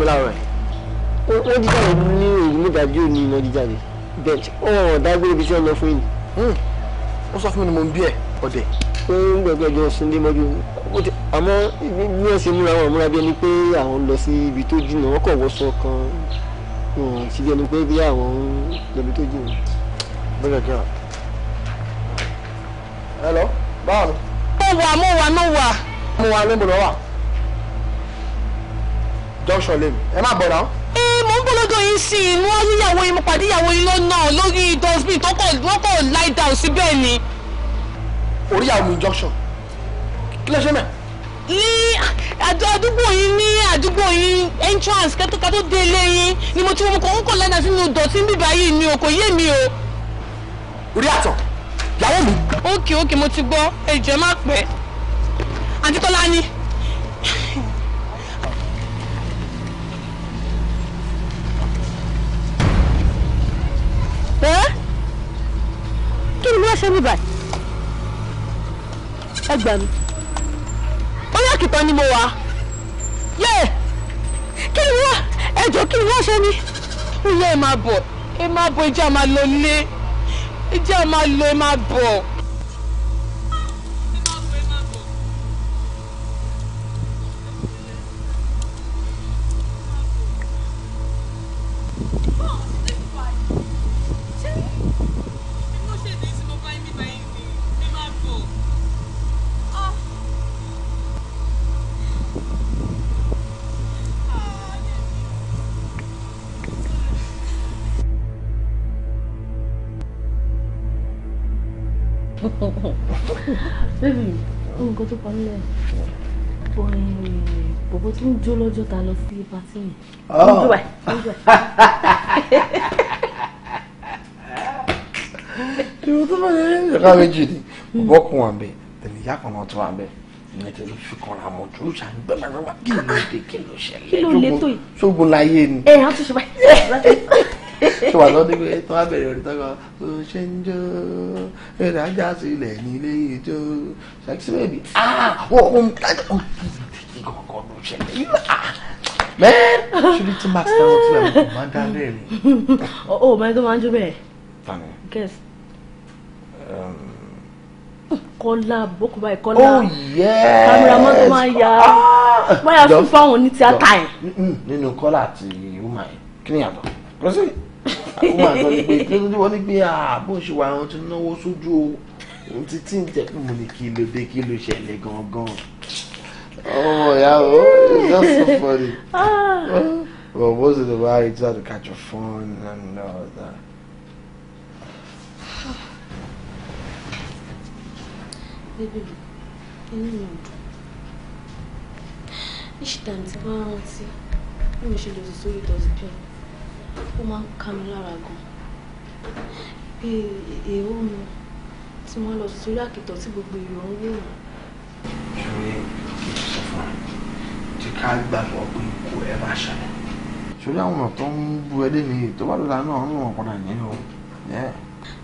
mi láàárọ̀ ẹ̀ wọ́n jíjáde ní èyí nídàájú òní iná jíjáde bẹ́ẹ̀ ọ̀rọ̀ dágbére ibi tí wọ́n lọ fún yìí. Hmm. ó sọ fún mi ni mo ń bí ẹ ọdẹ. ó ń gbẹgbẹ jọ sunde mọ́jú àmọ́ bí wọ́n ṣe múra wọn múra bí ẹni pé àwọn lọ sí ibi tó jìnnà wọ́n kàn wọ́sọ kan sí bí ẹni pé bí àwọn lọ ibi tó jìnnà. bẹ́ẹ̀ jọ. hello báwo. mo wà mo wà mo wà. mo wà lẹ́mọ̀ọ́ wà junction lane ẹ má bọ̀dá. ee mò ń bọ́lọ́dọ̀ yín sí i mú ayé ìyàwó yín mo pàdé ìyàwó yín lọ́nà lórí dustbin tó kọ̀ wọ́n kọ̀ lie down sí bẹ́ẹ̀ ni. orí àwọn mi junction kí ló ṣe mẹ́. ní àdúgbò yín ní àdúgbò yín entrance kẹ́tọ́ka tó dé ilé yín ni mo ti wọ́n kọ́ ń kọ̀ lẹ́nà sínú dọ̀tí bíbá yìí ni o kò yé mi o. orí àtọ̀ ìyàwó mi. ókè ókè mo ti gbọ́ ẹ̀jẹ̀ má pẹ́ àǹtí Tọ́lání. ṣe mí báyìí ẹ gbà mí orí àkìtàn ni mo wà yẹ kí ni wọ́n ẹjọ́ kí ni wọ́n ṣe mí ó yẹ ẹ máa bọ̀ ẹ máa bọ̀ ẹ jẹ́ àmà lọ ẹ jẹ́ àmà ẹ máa bọ̀. ń jó lọ́jọ́ ta lọ sí pàtí yẹn. ojú ẹ̀ ojú ẹ̀. ìwọ tó bá yẹ ẹ̀ka méjì ni bọ́ kún wa bẹ́ẹ̀ tẹ̀lé ìyá kan náà tó wa bẹ́ẹ̀ ìyẹn tẹ̀lé fi kan ra mọ̀ tó ṣà ń gbẹ́gbẹ́gbẹ́ kí ló dé kí ló ṣẹlẹ̀ kí ló lé tó yìí ṣógun láyé ni. ẹ á tún ṣe báyìí ṣe wà lọ́dún pé tó wá bẹ̀rẹ̀ orin tọ́kọ ló ṣe ń jó eré ajá sílẹ̀ nílé ijó ṣàkíyèsí bẹ́ẹ̀ bí ah wọ́n ń kí kankan ló ṣẹlẹ̀ man ṣílí tí max náà ti rẹ̀ kò máa ń dá lẹ́rìn. o ò mọ ẹni tó máa ń jó bẹ́ẹ̀. tani. guess. kọ́lá oh yes cameraman tó máa ń ya máa ya fún fáwọn ní tíátà ẹ̀. nínú kọ́lá àti you yìí kí ni yàtọ̀ lọ you uma tó ní pé kí ni be ní pé àbó ṣe wà àwọn tó náwó sójú o ohun títí ń jẹ́ pé mo ní kí ló dé Oh yeah, oh, it's just so funny. ah. well, most of the while you just have to catch your phone and all that. Baby, inú mi dùn. Each time Is wọ́n rántí, bí mo ṣe lè sọ sórí ìdọ̀tí pé ó máa ń ká mi lára gan. Bí èrò eh, mi eh, oh, tí wọ́n lọ sórí àkìtọ̀ tí gbogbo ìrò ń wò wọ́n ṣòye kí n sọ fún ẹ tí ká gbàgbọ́ pé kò ẹ máa ṣẹlẹ̀. ṣòye àwọn ọ̀nà tó ń bu ẹdẹ mi tó bá lọ́la náà ń wọ̀n padà nínú o.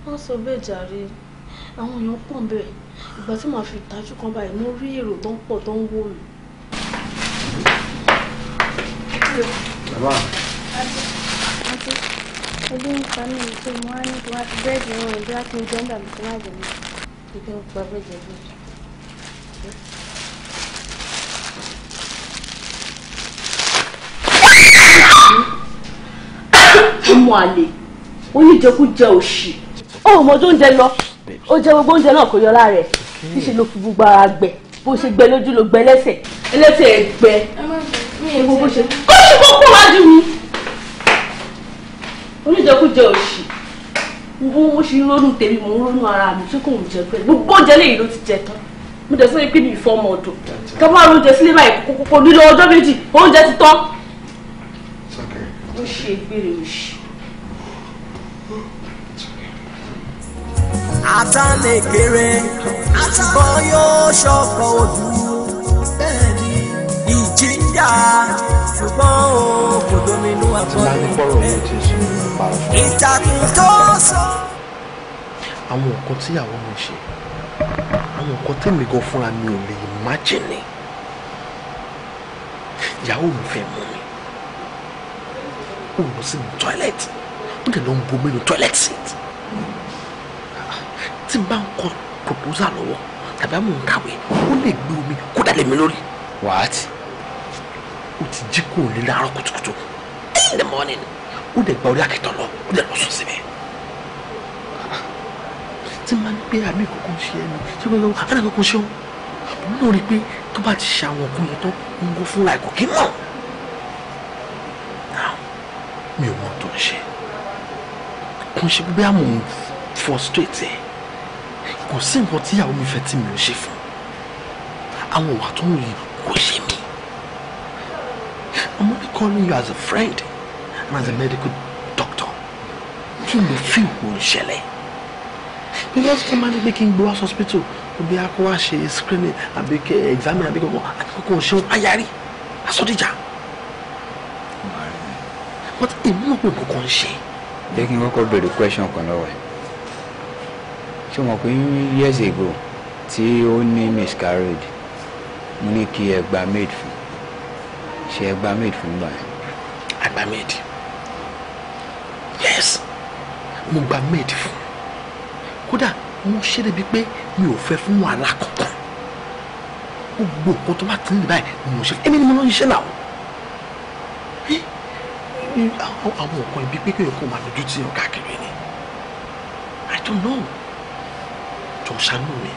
wọ́n sọ bẹ́ẹ̀ jàre àwọn èèyàn pọ̀ bẹ́ẹ̀ ìgbà tí màá fi ìtajú kan báyìí mo rí èrò tó ń pọ̀ tó ń wò mí. bàbá ebi ń pa mí ìṣe mo wá ní kí wá ti bẹ́ẹ̀dì ọ̀rọ̀ ìdúrà kí n jẹ́ ń dàbí má jẹ̀mí ebi ń pa bẹ́ẹ̀dì ọ̀rọ̀. ọmọ àlè oníjẹkújẹ òṣì ó mọ tó ń jẹ lọ ó jẹ gbogbo oúnjẹ náà kò yọ lára ẹ níṣẹ ló fi gbogbo ara gbẹ bó ṣe gbẹ lójú ló gbẹ lẹ́sẹ̀ ẹlẹ́sẹ̀ gbẹ ṣe gbogbo ṣe kó ṣe kókó wájú mi oníjẹkújẹ òṣì mo ṣe ronú tèmi mo ń ronú ara mi ṣé kò ń jẹ pé gbogbo oúnjẹ lẹ́yìn ló ti jẹ tán mo dẹ̀ sọ pé mi ìfọmọ ọdún ká má ronú jẹ sílé báyìí kókó nílò ọjọ́ méjì oúnjẹ ti tán ló ṣe ìgbèrè òṣì. ata lè kéré àtúbọ̀ yóò ṣọ̀kọ̀ ojú ìjìyà ṣùgbọ́n kò dominú àgbọ̀dọ̀ ìtàkùn tó sọ. àwọn nǹkan tíyàwó mi ṣe àwọn nǹkan tèmi gan fúnra mi ò lè májèlé ìyàwó mi fẹ́ mú mi ó lọ sí ní tọ́ílẹ̀tì ó dẹ̀ seat tí n bá ń kọ proposal lọ́wọ́ tàbí àmọ́ ń ó lè gbé omi kó dalẹ̀ lórí. wàhátì. ó ti jí kó o lè láàárọ̀ in the morning ó dẹ̀ gba orí àkìtàn lọ ó dẹ̀ lọ sùn síbẹ̀ tí n bá ń gbé àmì ìkókó ń ṣe ẹnu tí wọ́n lọ àdàkọ́kọ́ ṣe ó mo náà rí i pé tó bá ti ṣe àwọn òkú yẹn tó ń gbó fúnra ẹ̀kọ́ kí náà mi ò mọ tó ń ṣe kò ń ṣe bí àmọ́ ń frustrate ẹ̀ kò sí nǹkan tíyàwó mi fẹ́ tí mi ò ṣe fún àwọn ìwà tó ń rí kò ṣe mí I'm only calling you as a friend and as a medical doctor kí ló fi wò ń ṣẹlẹ̀ because kí n máa ní pé kí n gbowó hospital òbí akọ́wá ṣe screening àbí examine àbí kankan àti kankan ò ṣeun ayárí asọ́díjà but èmi náà kò kọ́kọ́ ṣe. jẹ́ kí n kọ́kọ́ béèrè question kan lọ́wọ́ ẹ̀ ṣé o mọ̀ years ago tí ó ní miscarriage mo ní kí ẹ gba maid fún ṣe ẹ gba maid fún gbà yẹn. àgbà maid yes mo gba maid fún kódà mo ṣe débi pé mi ò fẹ́ fún wàhálà kankan gbogbo nǹkan tó bá ti ń lè báyìí mo ṣe èmi ni mo lọ ń náà àwọn nǹkan ibi pé kéèyàn kò máa lójú tí ọ̀gá kiri ni I don't know jọ ṣàánú mi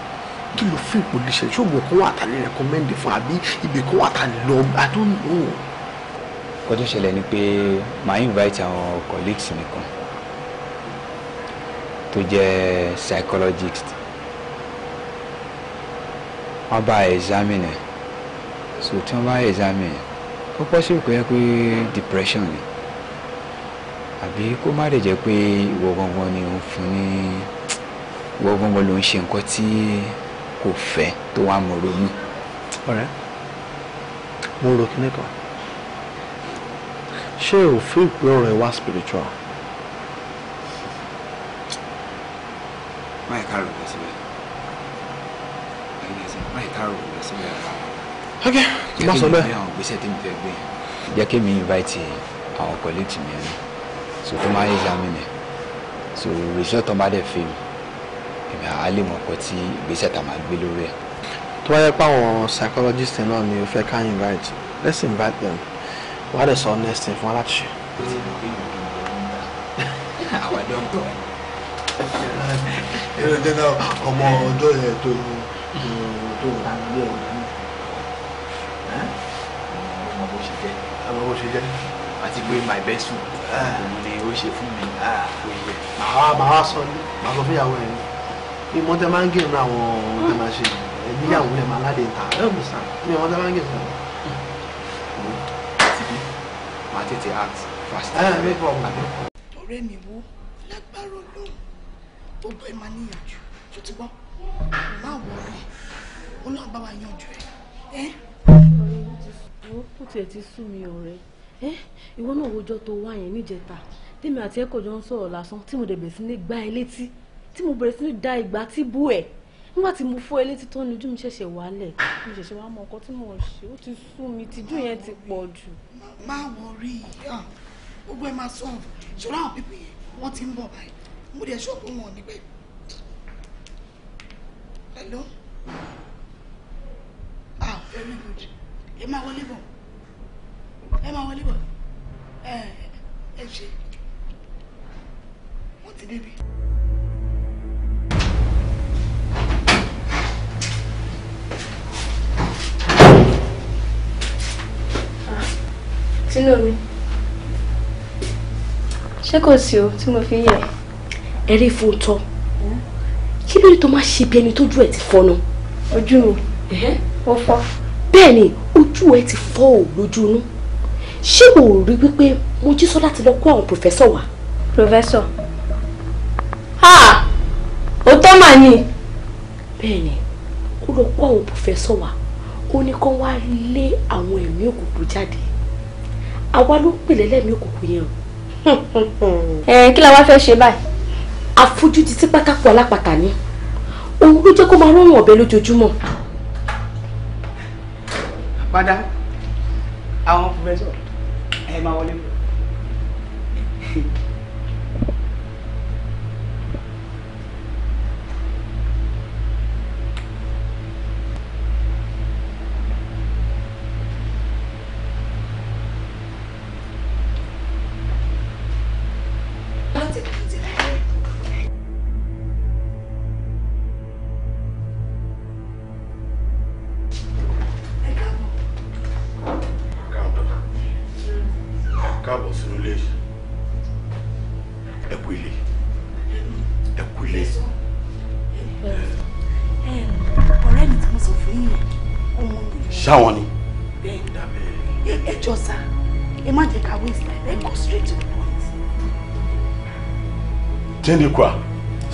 kí ló fún ìpolíṣẹ ṣé oògùn kan wà tá lè rẹkọmẹ́ndì fún àbí ibì kan wà tá lè lọ I don't know. kó tó ṣẹlẹ̀ ni pé màá invite àwọn colleagues mi kan tó jẹ́ psychologist wọ́n bá examine ẹ̀ so tí wọ́n bá examine ó pọ́sibú kó yẹ pé depression ni àbí kó má lè jẹ́ pé ìwọ gangan ni òun fún ní ìwọ gangan ló ń ṣe nǹkan tí kò fẹ́ tó wà mọ̀ ronú. ọ̀rẹ́ mo rò kíní kan ṣé o fi ọ̀rọ̀ ẹ wá spiritual. máì kárò lọ síbẹ̀ máì kárò lọ síbẹ̀. ok má sọ bẹ́ẹ̀. jẹ́ kí mi invite àwọn colleagues mi ẹni so tó máa ń examine so result tó máa dẹ̀ fail èmi àá lè mọ̀ pé tí ìgbésẹ̀ tá máa gbé lórí ẹ̀. tó bá yẹ pé àwọn psychologist náà ni o fẹ́ ká invite let's invite them wọ́n á dẹ̀ sọ next thing fún wa láti ṣe. àwọn ẹ̀dọ́ ń bọ̀ ẹ̀rọ jẹ́nà ọmọ ọjọ́ yẹn tó tó ń gbé ẹ̀ ọmọ bó ṣe jẹ́ àti pé my best food ah, òun ni ó ṣe fún mi ah, kò yẹ. màá màá sọ ní màá sọ fúnyàwó ẹ ní mọ́tẹ́ máa ń gé ìrìn àwọn ohun tẹ́ máa ṣe níyàwó lẹ̀ máa ládé ta ẹ̀ mú sàn ní mọ́tẹ́ máa ń gé ìrìn. mo ti bí màá tètè act fast. Eh, ọ̀rẹ́ mi wo lágbára Ọlọ́run gbogbo ẹ̀ máa níyànjú tó ti gbọ́ máa wọ̀ rí Ọlọ́run bá wa yanjú ẹ̀. Eh? ọ̀rẹ́ mi ó kù ti sú mi ọ̀rẹ́ ẹ eh, ìwọ náà wojọ́ tó wá yẹn níjẹta tèmi àti ẹ̀kọ́ jọ ń sọ̀rọ̀ lásán tí mo dẹ̀ bẹ̀rẹ̀ sí ní gbá ẹ létí tí mo bẹ̀rẹ̀ sí ní da ìgbà tí bú ẹ̀ nígbà tí mo fọ́ ẹ létí tó ní ojú mi ṣẹ̀ṣẹ̀ wálẹ̀ mo ṣẹ̀ṣẹ̀ wá mọ nǹkan tí mo ṣe ó ti sú mi tìjú yẹn ti pọ̀ jù. má wọ rí i gbogbo ẹ máa sọ̀rọ̀ ṣọlá àwọn pípé yẹn wọ́n ti ń bọ̀ báyìí mo dẹ̀ ṣọ́ọ̀bù wọn níbẹ̀. hello ah very good ẹ máa wọlé bọ̀ ẹ máa wọlé bọ̀ ẹ ẹ ṣe wọ́n ti débi. sínú mi ṣé kò sí o tí mo fi yẹ. ẹ rí fún un tọ́ kí ló dé tó máa ṣe bí ẹni tójú ẹ ti fọ́nà. ojú mi ó fọ́. bẹ́ẹ̀ ni ojú ẹ ti fọ́ ò lójú inú ṣé o rí wípé mo jí sọ́lá ti lọ kó àwọn pòfẹ́sọ̀ wá. pòfẹ́sọ̀ ha ó tọ́ màá ní. bẹ́ẹ̀ni ó lọ kó àwọn pòfẹ́sọ̀ wá ó ní kán wá lé àwọn ẹ̀mí òkùnkùn jáde àwa ló pèlè lẹ́mí òkùnkùn yẹn o. ẹ kí la wá fẹ́ ṣe báyìí. àfojúdi tí pátákó alápatà ni òun ló jẹ́ kó máa rọrùn ọ̀bẹ lójoojúmọ́. padà àwọn pòfẹ́sọ̀. Hey, my volume.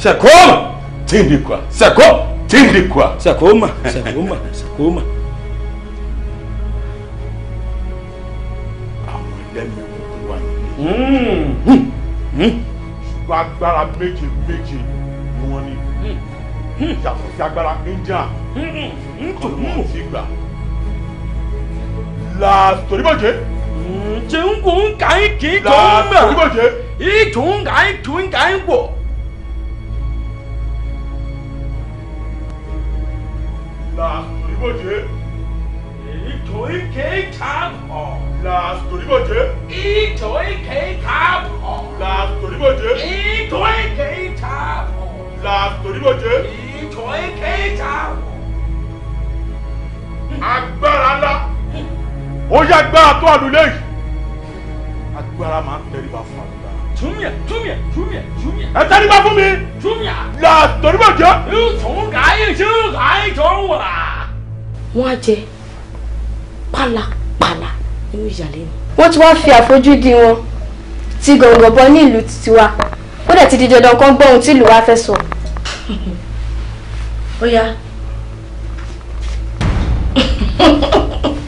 Sakoma! Tindi kwa. Sako! Tindi kwa. Sakoma, Sakoma, Sakoma. Àwọn ẹlẹ́mi òkú wa nílé. Hmm. Hmm. Hmm. Ṣùgbọ́n agbára méje méje ni wọ́n ní. La Soriboje. Ṣé ń kò ń kà ń La Soriboje. Ìtùn ń kà ń kì í Last Toriboje. Ito ike kapo. Last Toriboje. Ito ike kapo. Last Toriboje. Ito ike kapo. Last Toriboje. Ito ike kapo. Agbára ńlá. Ó yẹ agbára tó àlùlé yìí. Agbára máa ń tẹríba fún àlùlé. Jumia, Jumia, Jumia, Jumia. Ẹ tẹ́lẹ̀ fún mi. Jumia. Là torí jẹ́. Yóò tún kà á ṣé kà á yẹ jọ wà. Wọ́n á jẹ pálapàla nínú ìyàlẹ́nu. Wọ́n ti wá fi àfojúdi wọn ti gọ̀ǹgọ̀ bọ ní ìlú tiwa. Ó dẹ̀ ti di dandan kan gbọ́ ohun tí ìlú wa fẹ́ sọ. Ó yá.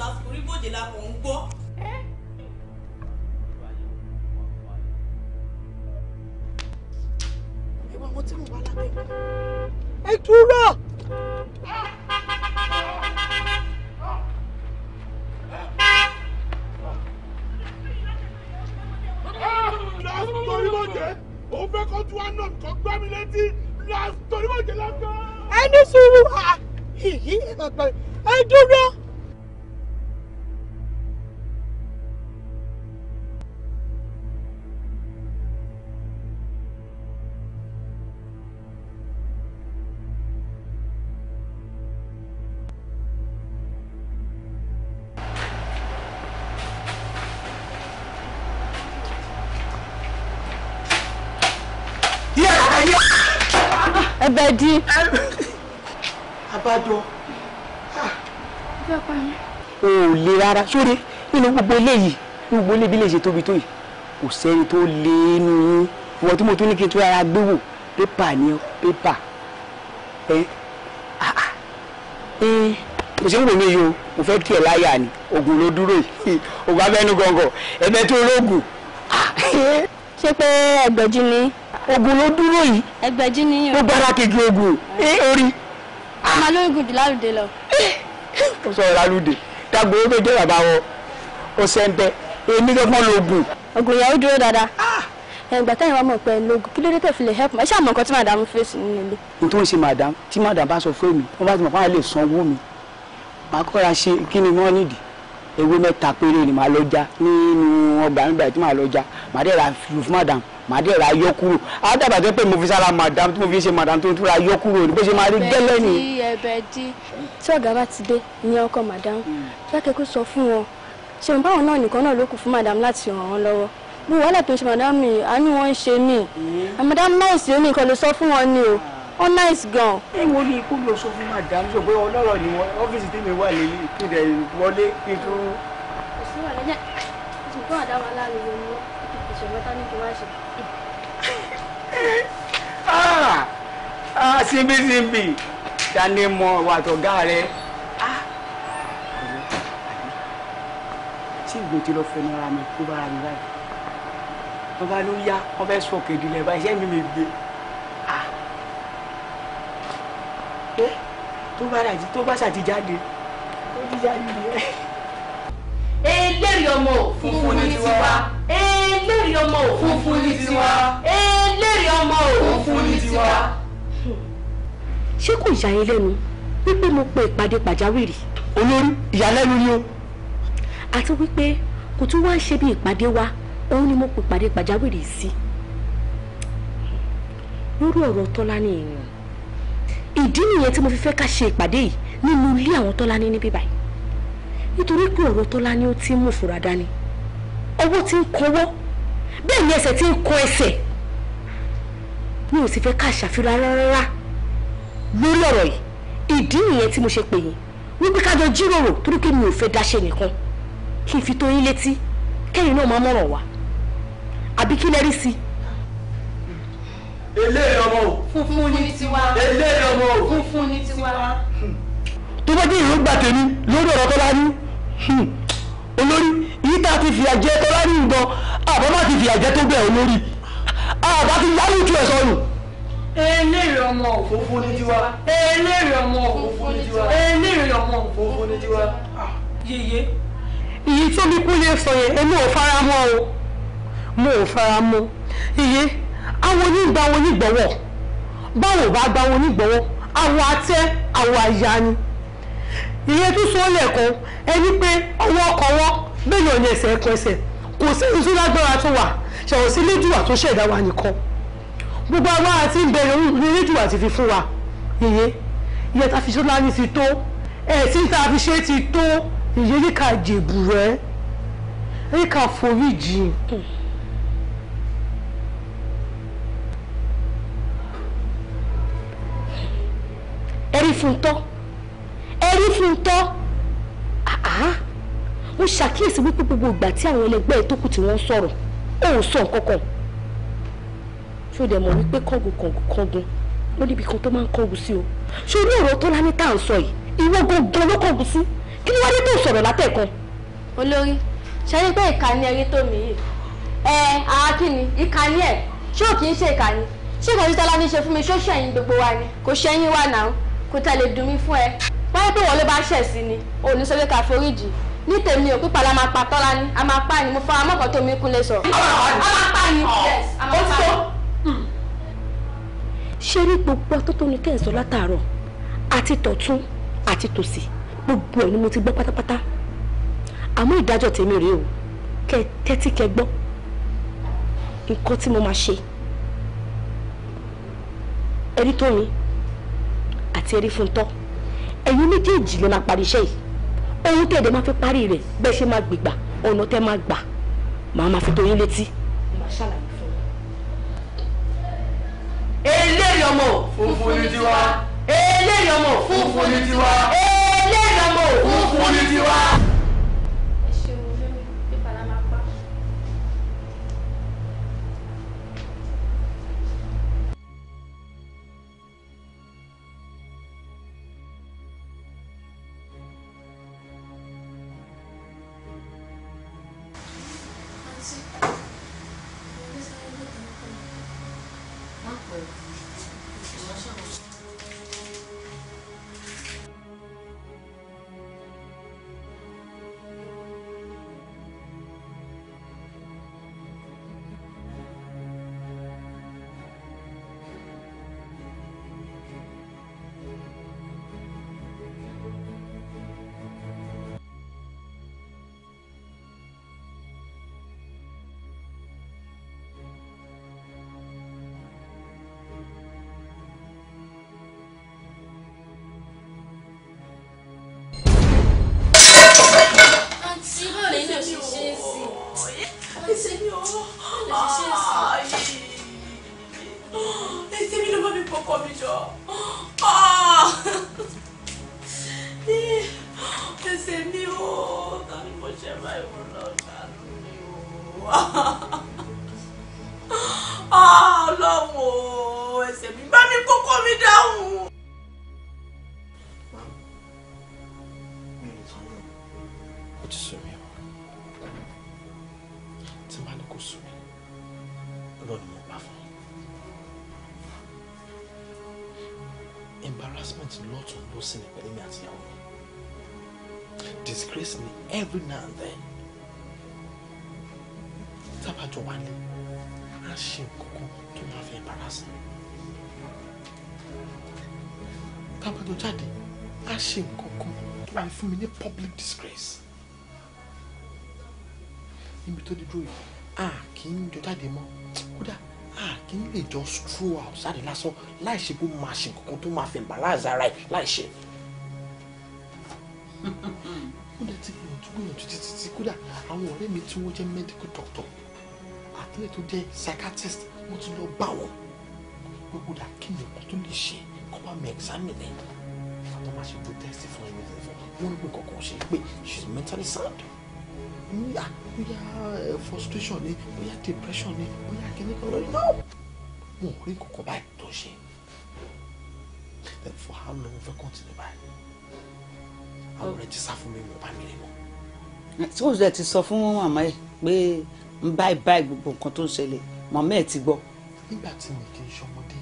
orí bòjè la kò ń gbọ́. ẹ̀wọ̀n àwọn tí mo wà lábẹ́ ẹ dúró. fẹ́ kó tún wá nà kó gbá mi létí torí bàjẹ́ lọ́gbọ́n. ẹni sùúrù ha ìyí ẹ̀ máa gbà mí. di. abájọ o ò le rárá sórí nínú gbogbo eléyìí nínú gbogbo eléyìí bí lè ṣe tóbi tó yìí kò sẹ́ni tó lé nínú yín ìwọ tí mo tún ní kí n tún rárá gbé wò pépà ni ọ pépà ẹ kò ah, sí ah. ń wò mí yìí o mo fẹ́ tiẹ̀ láyà ni oògùn ló dúró yìí oògùn abẹ́nú gọ̀ǹgọ̀ ẹ̀mẹ́tò olóògùn. Ah, ṣé pé ẹgbẹ̀jì ni. ogun ló dúró yìí. ẹgbẹ̀jì ni yìí. ó bára kejì ogun ẹ orí. a máa lórí gùn jù lálùdé lọ. ó sọ̀rọ̀ lálùdé dàgbò ó fẹ́ jẹ́ bàbá wọn ó sẹ́ńtẹ́ èmi lọ́gbọ́n lóògùn. ogun ìyàwó dúró dáadáa ah! ẹgbà táyà wa mọ̀ pé lóògùn kí ló dé tẹ̀ fi lè help ẹ ṣáà mọ̀ nǹkan tí màdàmú fèsì nínú ilé. n tó ń ṣe màdàm tí màdàm bá sọ fún mi wọn bá ti mọ̀ fún àwọn lè sanwó mi màá kọ́ra ṣe kí ni wọ́n nídìí ewé mẹ́ta péré ni màá lọ já nínú ọgbà nígbà tí màá lọ já màá dẹ̀ ra lù fún madam màá dẹ̀ ra yọ kúrò àdàbà tó pé mo fi sára madam tí mo fi ṣe madam tó ń túra yọ kúrò ní bó ṣe máa rí gẹ́lẹ́ ni. ẹbẹ dí tí ọ̀gá bá ti dé ní ọkọ madam jákèkú hmm. sọ fún wọn ṣe ń báwọn náà nìkan náà ló kù fún madam láti ràn wọn lọ́wọ́ bí wàhálà tó ń ṣe madam mi àánú wọn ń ṣe mí hmm. madam náà ìṣe mi kan ló sọ fún wọn ni o. Ah ó nice gan. ẹ wo ni ikú mi ò sọ fún madam pé ọlọ́rọ̀ ni wọn ọ́fíìsì tí mi wà lélẹ̀ kí n wọlé kí tó. kò sí wà lẹ́jẹ̀ ìsìn fún àdáwọ̀ aláriwo ni wọ́n ìṣòro tá ní kí wá ṣe. ah simbi ah, simbi ta ni mo wà rẹ. tí ah! ìgbò tí lọ fẹ́ nara mi kó bára mi báyìí wọ́n ló yá wọ́n fẹ́ sọ kéde lẹ́ iṣẹ́ mi mi gbé. pé tó bá ṣàti tó bá ṣàti jáde ó ti jáde nìyẹn. eléèrè ọmọ òfúnfún ní tiwa eléèrè ọmọ òfúnfún ní tiwa eléèrè ọmọ òfúnfún ní tiwa. ṣé kò yàyẹ lẹ́nu wípé mo pe ìpàdé pàjáwìrì. olórí ìyàlẹ́nu ni o. àti wípé kò tún wá ṣe bí ìpàdé wa òun ni mo pe ìpàdé pàjáwìrì sí lórí ọ̀rọ̀ tọ́lá ní ìrìn ìdí nìyẹn tí mo fi fẹ́ ká ṣe ìpàdé yìí nínú ilé àwọn tọ́lání níbí báyìí nítorí pé ọ̀rọ̀ tọ́lání ó ti ń mú fura dání ọwọ́ ti ń kọwọ́ bẹ́ẹ̀ ni ẹsẹ̀ ti ń kọ ẹsẹ̀ mi ò sì fẹ́ ká ṣàfihàn rárá lórí ọ̀rọ̀ yìí ìdí nìyẹn tí mo ṣe pè yín wípé kájọ jíròrò torí pé mi ò fẹ́ dáṣe nìkan kí n fi tó yín létí kẹ́yìn náà máa mọ̀ràn wá àbí kí lẹ sí i eléyìí ọmọ o. funfun ni tiwa. eléyìí ọmọ o. funfun ni tiwa. tó bá jẹ́ ìrógbà tèmi lórí ọ̀rọ̀ tọ́lá ní hmm, olórí yìí tá a ti fìyà jẹ tọ́lá ní ìbọn àbá má ti fìyà jẹ tó bẹ̀ olórí àbá ti yálù ju ẹ̀ sọnù. eléyìí ọmọ o. funfun ni tiwa. eléyìí ọmọ o. funfun ni tiwa. eléyìí ọmọ o. funfun ni tiwa. yeye ìyí tó bí kúlẹ̀ sọ yẹn èmi ò fara mọ́ o mo ò fara mọ́ iye àwọn onígbà àwọn onígbọ̀wọ́ báwo bá gba àwọn onígbọ̀wọ́ àwọn atẹ́ àwọn àyà ni ìyẹn tún sọ lẹ́ẹ̀kan ẹni pé ọwọ́ ọkọ̀wọ́ bẹ́ẹ̀ ni ẹsẹ̀ ẹ̀kọ́ ẹsẹ̀ kò sí ìṣú lágbára tó wà ṣàwọn sí lédùwà tó ṣẹ̀dá wa nìkan gbogbo àwa àti ìbẹ̀rẹ̀ ní lédùwà ti fi fún wa ìyẹn ìyẹn tá fi ṣọ́lá ní ti tó ẹ̀ tí tá fi ṣe ti tó ìyẹn yíká jèbù rẹ̀ yíká foríjì. Mm. ẹ̀rí fún tọ́ ẹ̀rí fún tọ́ mo ṣàkíyèsí wípé gbogbo ìgbà tí àwọn ẹlẹgbẹ́ ẹ̀ tó kù tí wọ́n ń sọ̀rọ̀ ó ò sọ nǹkan kan ṣó dẹ̀ mọ̀ wípé kọ́gun kọ̀ọ̀gùn kọ́gun ó níbi kan tó máa ń kọ́gun sí o ṣó ní ọ̀rọ̀ tó láni tá à ń sọ yìí ìwọ gangan ló kọ́gun sí kí ni wọ́n ní tó sọ̀rọ̀ látẹ̀kan. olórí ṣe ni pé ìkànnì ẹ̀rí tó mi yìí ẹ àá kí ni ìkànnì ẹ̀ ṣé ò kì í ṣe ìkànnì ṣé ìkànnì tọ́lá ní ṣe fún kò tẹ̀lé dùn mí fún ẹ báyọ̀ pé wọ́n ló bá ṣẹ̀ sí ni òun ní sọ́jọ́ ká ní tèmi ò pípa la máa pa tọ́lá ni a máa pa ni mo fara mọ́kàn tó mi kúnlẹ̀ sọ. a máa pa ni yes a máa pa ni. Hmm. ṣé rí gbogbo atótó ni tẹ́ ẹ̀ sọ látàárọ̀ àti tọ̀tún àti tòsì gbogbo ẹ̀ ni mo ti gbọ́ pátápátá àmọ́ ìdájọ́ tèmi rèé o kẹ tẹ́tí kẹ gbọ́ nǹkan tí mo máa ṣe ẹ̀rí tó mi àti ẹrí fún tọ́ ẹ̀yin méjèèjì lè máa parí iṣẹ́ yìí ohun tẹ̀ ẹ̀dẹ̀ máa fi parí rẹ̀ bẹ́ẹ̀ ṣe máa gbìgbà ọ̀nà tẹ́ máa gbà màá máa fi tó létí. eléyìí ọmọ funfun ni tiwa eléyìí ọmọ funfun ni tiwa eléyìí ọmọ funfun ni tiwa. A public disgrace níbi tó di dúró yìí a kì í jọ jáde mọ́ kódà a kì í lè jọ stroll outside lásán láì ṣe kó máa ṣe nǹkan tó máa fi balance ara ẹ̀ láì ṣe. kódà tí gbìyànjú gbìyànjú títí tí kódà àwọn ọ̀rẹ́ mi tí wọ́n jẹ́ medical doctor àtẹ́lẹ̀ tó jẹ́ psychiatrist wọ́n ti lọ bá wọn pé kódà kí ni nǹkan tó lè ṣe kó bá mi examine ẹ̀ tó bá ṣe protest fún ẹni fún wọn pé kọ̀ọ̀kan ṣe pé she's mentally sad. bóyá bóyá eh, frustration ni bóyá depression ni bóyá kíní kan lórí náà wọn ò rí kọ̀ọ̀kan báyìí tó ṣe then for how long fẹ́ continue báyìí àwọn rẹ̀ oh. ti sá fún mi mi ò bá mi rí mọ́. tí kò sì ti sọ fún màmá ẹ pé ń báyìí báyìí gbogbo nǹkan tó ń ṣẹlẹ̀ màmá ẹ ti gbọ́. nígbà tí mi kì í ṣọmọdé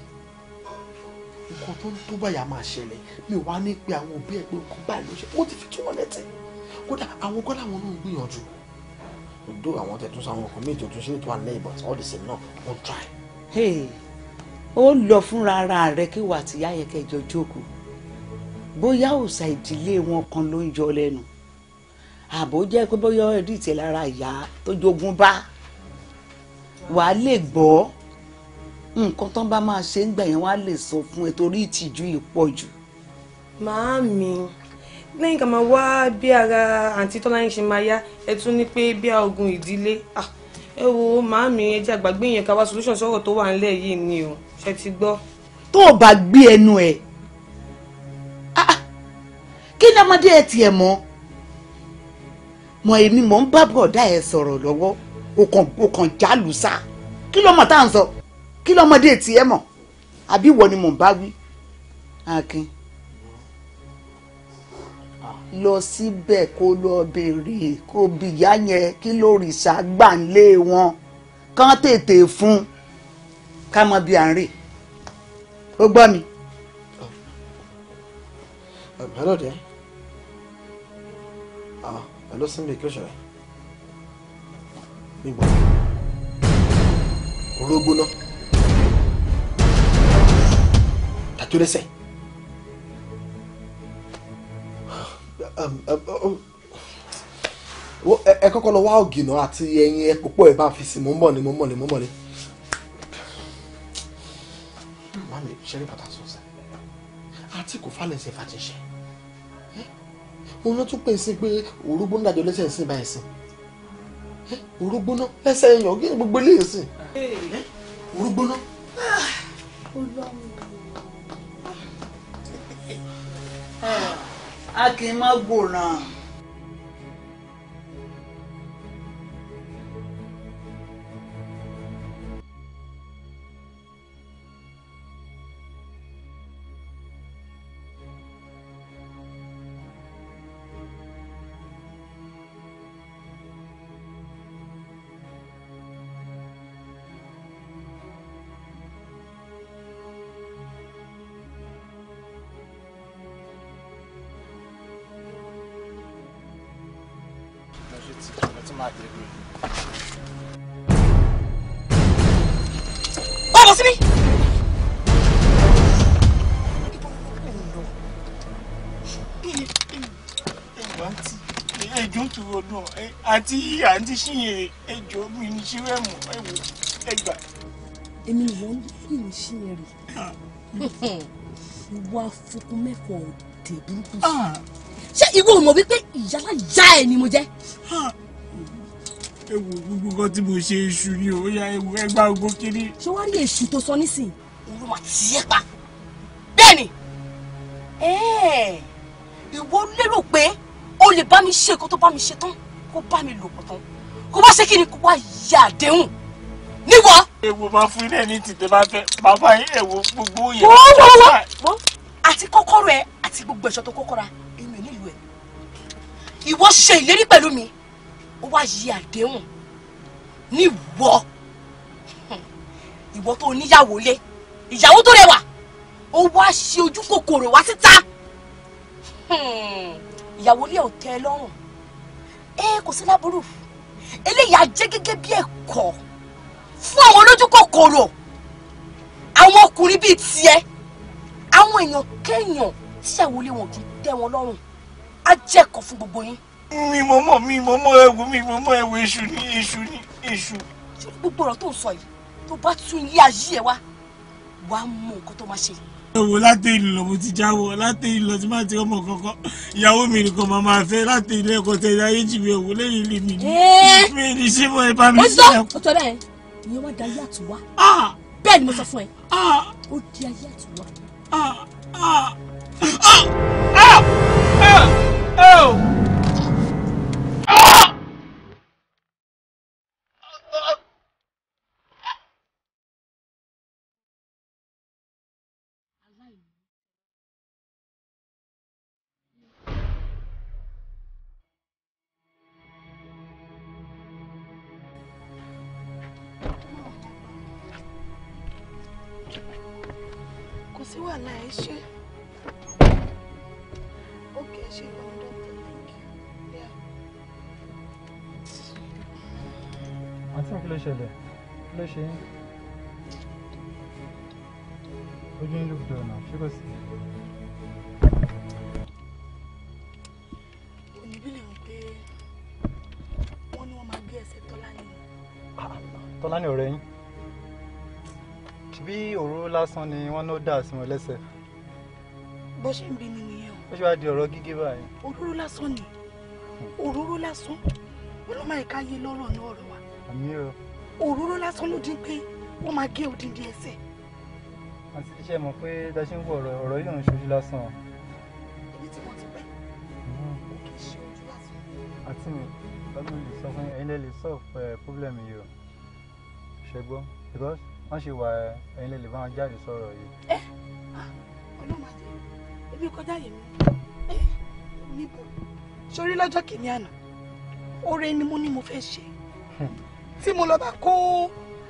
nǹkan tó ń tó báyà máa ṣẹlẹ̀ mi ò wá ní pé àwọn òbí ẹ̀ pé nǹkan báyìí ló ṣe ó ti fi tú wọn lẹ́tẹ̀ kódà àwọn kọ́ làwọn náà ń gbìyànjú odò àwọn tẹ̀ sáwọn ọkùnrin méjì tún ṣe ètò àná ìbọn all the same náà wọ́n try. ó lọ fúnra ara rẹ kí wà tí yá yẹ kẹjọ jókòó bóyá òòṣà ìdílé wọn kan ló ń yọ lẹ́nu àbò jẹ́ pé bóyá ẹ̀rí ìtẹ̀ ìyá tó jogún bá wàá lè gbọ́ nǹkan tán bá máa ṣe ń gbà yẹn wá lè sọ fún ẹ torí ìtìjú yìí pọ̀ jù. màámi lẹ́yìn ká máa wá bí ara àǹtí tọ́láyìn ṣe máa yá ẹ tún ní pé bí a ogun ìdílé ẹ wo màámi ẹ jẹ́ àgbàgbé yẹn ká wá solution sọ̀rọ̀ tó wà nílẹ̀ yìí ni o ṣe ti gbọ́. tó o bá gbé ẹnu ẹ kí ni ọmọdé ẹ tiẹ̀ mọ̀ mọ èmi mọ̀ ń bá bọ̀dá ẹ sọ̀rọ̀ lọ́wọ́ o kàn jálù sá kí ló mọ̀ tá à ń sọ. So kí lọ́mọdé tiẹ̀ mọ̀ àbí ìwọ ni mò ń bá wí akin lọ síbẹ̀ kó lọ béèrè kó bìyà yẹn kí lórìṣà gbà ń wọn kán tètè fún ká mọ bí à ó gbọ́ mi. Ah, hello dear ah hello Sunday kí o ṣe mi gbọ́ orógbó náà. àti olẹ́sẹ̀. Um, um, um, ẹ kọ́kọ́ lọ wá ògìnà àti ẹyin ẹ púpọ̀ ẹ bá fi sí mò ń bọ̀ ni mò ń bọ̀ ni mò ń bọ̀ ni. mami ṣẹ́rí bàtà sọ̀sẹ̀ àti kò falẹ̀ ṣe fàtí ṣe mo rántí pé sí pé òrógbó ń dájọ lẹ́sẹ̀ ń sìn báyìí sìn òrógbó náà lẹ́sẹ̀ èèyàn gbogbo eléyìí sìn òrógbó náà. Ah, a kì í má gbòòràn. máa tẹ̀lé mi. ó bọ̀ síbí. ẹjọ́ tó rọdún àti àǹtí ṣìyẹn ẹjọ́ mi ní ṣírẹ́mù ẹ̀wò ẹgbà. èmi ni wọ́n yí ní ṣìyẹn rè wá fukun mẹ́fọ̀ọ́ dé burúkú. Ah. ṣé ìwọ ò mọ̀ wípé ìyálà já ẹ ni mo jẹ́. Ah ewu gbogbo kan tí mo ṣe èṣù ni ó yá ewu ẹgbà ogbó kiri. ṣé wàá rí èṣù tó sọ nísìnyí. olú ma ti yẹ pa bẹ́ẹ̀ ìwọ lérò pé o lè bá mi ṣe nǹkan tó bá mi ṣe tán kó bá mi lò pọ̀ tán kó bá ṣe kí ni kó wá yà àdéhùn níwọ. ewu máa fún ilé ní tìtẹ́ bá fẹ́ bàbá yín ewu gbogbo yẹn. wọ́n wọ́n wọ́n àti kọ́kọ́rọ́ ẹ àti gbogbo ẹ̀ṣọ́ tó kọ́kọ́ra èmi nílùú ẹ̀ ìwọ ṣe ìlérí pẹ̀lú mi ó wá yí àdéhùn ní ìwọ ìwọ tó níyàwó lé ìyàwó tó rẹwà ó wá ṣe ojú kòkòrò wá síta ìyàwó lé ò tẹ́ ẹ lọ́rùn ẹ kò sí láburú eléyìí á jẹ́ gẹ́gẹ́ bí ẹ̀kọ́ fún àwọn olójú kòkòrò àwọn ọkùnrin bíi tiẹ̀ àwọn èèyàn kéèyàn tíyàwó lé wọn kì í tẹ́ wọn lọ́rùn á ẹ̀kọ́ fún gbogbo yín mi mọ mi mọ mọ mi mọ mọ èṣù ni èṣù ni èṣù. ṣé gbogbo ọ̀rọ̀ tó ń sọ yìí tó bá tún ilé ayé ẹ wá wàá mọ nǹkan tó máa ṣe. ìyàwó láti ìlú lọ mo ti jáwọ́ láti ìlú lọ tí máa ti ọmọ kankan ìyàwó mi nìkan máa máa fẹ́ láti ilé ẹ̀kọ́ tẹ ilé ayé jì ẹwù lẹ́yìn ilé mi ni mi ni ṣé mo ẹ bá mi ṣe ẹ. ó tọ́ ẹ ìyẹn wá ni mo sọ fún ẹ ó di Oh! àlà ẹ ṣe ókè ṣe thank you yeah. àti kí ló ṣẹlẹ̀ kí ló ṣe yín ojú ń lùkùtù ọ̀nà she? kò sí. oníbílẹ̀ wọn pé wọ́n ní wọ́n máa gbé ẹsẹ̀ Tọ́lá ni àbí òróró lásán ni wọ́n ló dà sí wọn lẹ́sẹ̀. bó ṣe ń bí mi nìyẹn o. ó ṣe wá di ọ̀rọ̀ gígé báyìí. òróró lásán ni òróró lásán ó ló máa káyé lọ́rọ̀ ní ọ̀rọ̀ wa. àmì o. òróró lásán ló dín pé wọ́n máa gé odindi ẹsẹ̀. àti ṣe mọ̀ pé ta ṣe ń wọ ọ̀rọ̀ ọ̀rọ̀ yìí ò ń ṣojú lásán. ibi tí wọ́n ti pẹ́ kò hmm. kì í ṣe ojú lásán. àti mi báwo lè sọ fún ẹ̀yin lè sọ eh, problem wọ́n ṣe wà ẹ̀yin lè lè bá wọn jáde sọ̀rọ̀ yìí. ẹ ọlọ́run àti ebi kọjá yìí mi eh, níbo sórí lọ́jọ́ kìíní àná oore ni mo ní mo fẹ́ ṣe tí mo lọ bá kó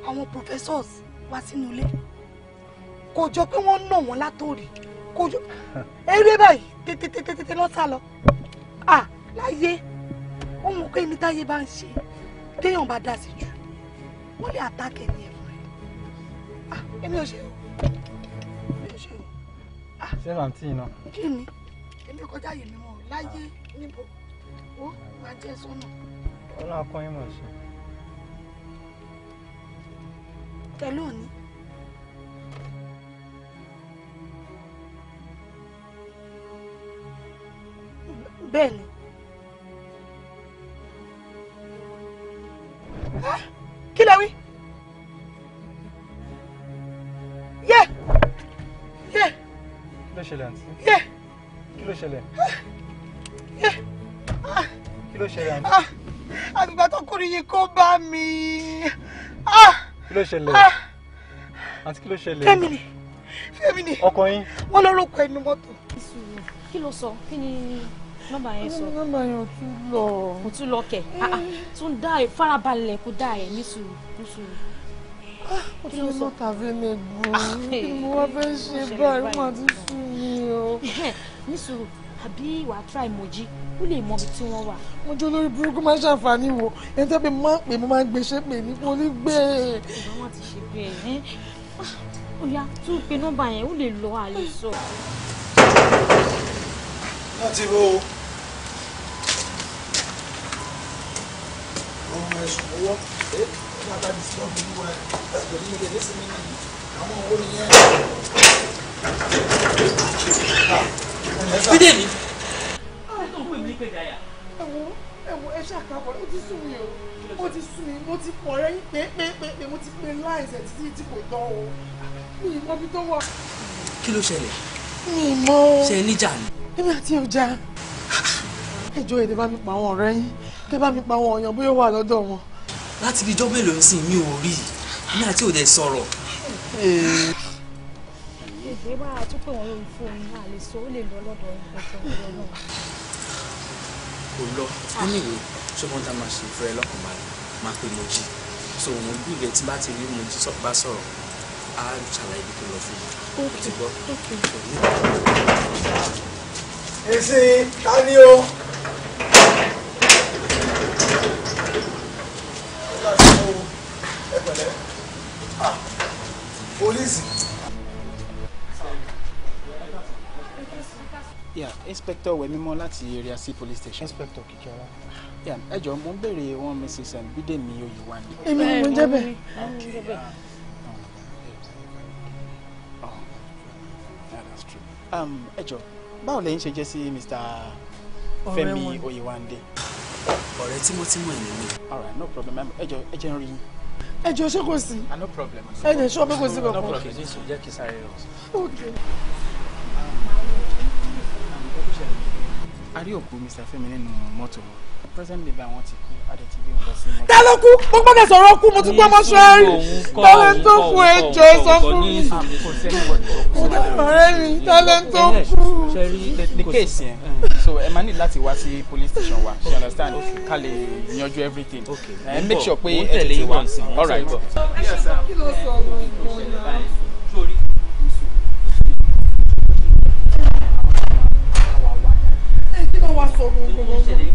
àwọn professors wá sínú ilé kò jọ pé wọ́n nà wọ́n látòrí kò jọ eré báyìí tètètètè lọ́ sá lọ à láyé ó mọ̀ pé ní táyé bá ń ṣe téèyàn bá dá sí jù wọ́n lè àtàkẹ́ ni ẹ̀ èmi ò ṣe o èmi ò ṣe o. Ah. ṣé làǹtí iná. kí ni èmi kọjá yìí ni mo láyé níbo ó máa jẹ sọnà. ọlọ́run kan yín mọ̀ ṣe. pẹ̀lú òní. bẹ́ẹ̀ ni. Ah! kí lẹ wí. ló ṣẹlẹ̀ àǹtí? kí ló ṣẹlẹ̀? kí ló ṣẹlẹ̀ àǹtí? àgbà tọkùnrin yìí kó bá mi. kí ló ṣẹlẹ̀? àǹtí kí ló ṣẹlẹ̀? Fẹ́mi ni Fẹ́mi ni ọkọ yín. wọ́n lọ rúkọ ẹnu mọ́tò. kí ló sọ kí ni nọ́mbà yẹn sọ. nọ́mbà yẹn ò tún lọ. kò tún lọ kẹ ah, ah. tún dá ẹ farabalẹ̀ kó dá ẹ ní sùúrù ní sùúrù ah, ó ti tàbí mi gbòó kí mo wá eh, fẹ́ ṣe báyìí wọ́n ti sùn ní sùúrù àbí wà á tra ìmọ̀jì ó lè mọ ibi tí wọ́n wà. mo jẹ́ olórí burúkú máa ń ṣàǹfààní wo ẹni tẹ́ pé máa ń pè mo máa ń gbé ṣé pè ní mo ní gbé. E. ìgbà wọn ti ṣe bẹ́ẹ̀ ẹ́ ah, ó yá tún pe nọ́mbà yẹn ó lè lọ àlè sọ. láti wo ọmọ ẹ̀sùn owó ẹ̀ látà disturb mi wá ẹ̀ pẹ̀lú ilé nísìnyí àwọn owó nìyẹn. Bídé mi. Báwo tó ń pè mí pé Jaya? Ẹ̀wọ̀ o. Ó ti sú mi, mo ti pọ̀ rẹ́yìn pépépépé, mo ti pe láìsẹ̀ títí tí kò tán o. Mi ì mọ ibi tó wà. Kí ló ṣẹlẹ̀? Mi ì mọ. Ṣé ẹ níjà ni? Èmi àti ọjà. Ẹjọ́ èdè bá mi pa àwọn ọ̀rẹ́ yín. Kẹ́ bá mi pa àwọn ọ̀yàn bóyá wà lọ́dọ̀ wọn. Láti ibi ijọ́ mélòó sí mi ò rí. Èmi àti òde sọ̀rọ̀ gbé wá tó pé wọn lórí fóònù náà lè so ó lè lọ lọ́dọ̀ ìgbọ̀tọ̀ ìgbọ̀ náà. kò lọ nínú so mo bí ilẹ̀ tí bá ti rí mo jí bá sọ̀rọ̀ á ṣàlàyé ibi tó lọ fún mi. ó ti gbọ́. èsì ta ni o. ẹ ah, polisi. yeah inspector wẹ̀mímọ́ láti area c police station. inspector kìkìara. yeah ẹ jọ mo ń béèrè wọn mrs um, bídèmí oyèwáni. èmi ni mo ń jẹ́ bẹ́ẹ̀. Oh, um, ẹ jọ báwo lẹ́yìn ṣe jẹ́ sí mr fẹ́mi oyèwándé. ọ̀rẹ́ tímọ́tímọ́ ẹ̀ nínú. all right no problem ẹ jọ ẹ jẹ́ ń rí yín ẹ jọ ṣé kò sí ah, ẹ jẹ ṣọ́ọ́ pé kò sí kankan. ok. a rí òkú mr fẹ́mi nínú mọ́tò wọn present day báwọn ti kú adé ti gbé wọn lọ sí mọ́tò. ta mo gbọ́dọ̀ sọ̀rọ̀ kú mo tún gbọ́ mọ́ sọ́ọ́rì fún ẹjọ́ sọ fún mi ah, ọ̀rẹ́ mi tọ́lẹ̀ tó the case yẹn eh, so ẹ máa ní láti wá sí police station wa you understand ká lè yanjú everything okay. Eh, make sure pé ẹ tẹ̀lé ìwọ̀n sí i all right. kí ló sọ ọ̀rọ̀ ìgbọ̀n náà. bá wa sọ ohun gbogbo. fún